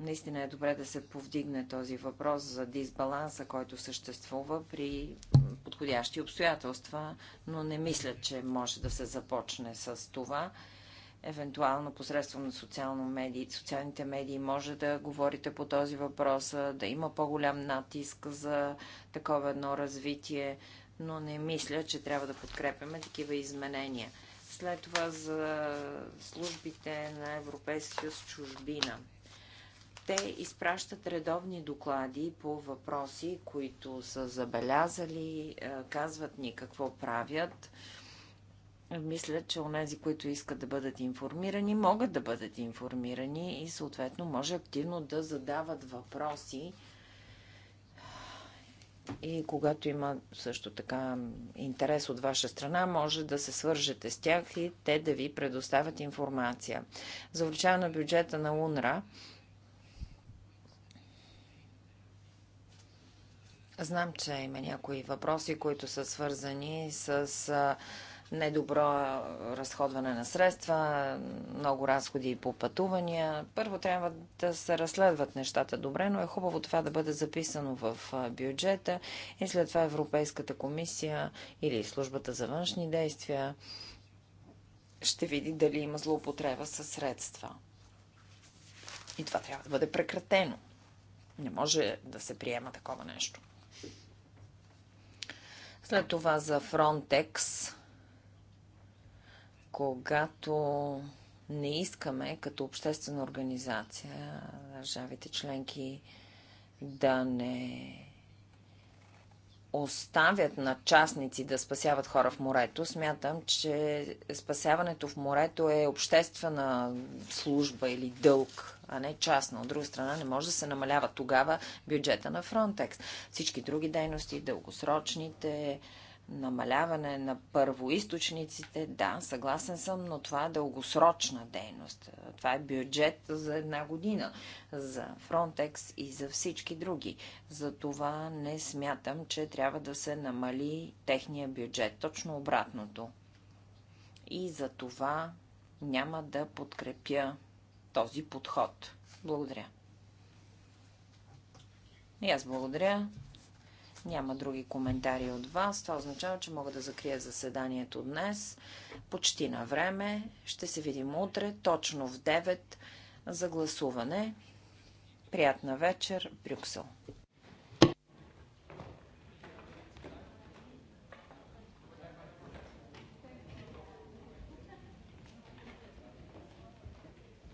Наистина е добре да се повдигне този въпрос за дисбаланса, който съществува при подходящи обстоятелства, но не мисля, че може да се започне с това евентуално посредством на социално медии, социалните медии може да говорите по този въпрос, да има по-голям натиск за такова едно развитие, но не мисля, че трябва да подкрепяме такива изменения. След това за службите на Европейския съюз чужбина. Те изпращат редовни доклади по въпроси, които са забелязали, казват ни какво правят – мисля, че онези, които искат да бъдат информирани, могат да бъдат информирани и съответно може активно да задават въпроси. И когато има също така интерес от ваша страна, може да се свържете с тях и те да ви предоставят информация. За увеличаване на бюджета на УНРА, знам, че има някои въпроси, които са свързани с недобро разходване на средства, много разходи по пътувания. Първо трябва да се разследват нещата добре, но е хубаво това да бъде записано в бюджета и след това Европейската комисия или службата за външни действия ще види дали има злоупотреба със средства. И това трябва да бъде прекратено. Не може да се приема такова нещо. След това за Frontex когато не искаме като обществена организация държавите членки да не оставят на частници да спасяват хора в морето, смятам, че спасяването в морето е обществена служба или дълг, а не частна. От друга страна, не може да се намалява тогава бюджета на Фронтекс. Всички други дейности, дългосрочните, намаляване на първоисточниците, да, съгласен съм, но това е дългосрочна дейност. Това е бюджет за една година, за Frontex и за всички други. Затова не смятам, че трябва да се намали техния бюджет. Точно обратното. И за това няма да подкрепя този подход. Благодаря. И аз благодаря. Няма други коментари от вас. Това означава, че мога да закрия заседанието днес. Почти на време. Ще се видим утре, точно в 9 за гласуване. Приятна вечер, Брюксел.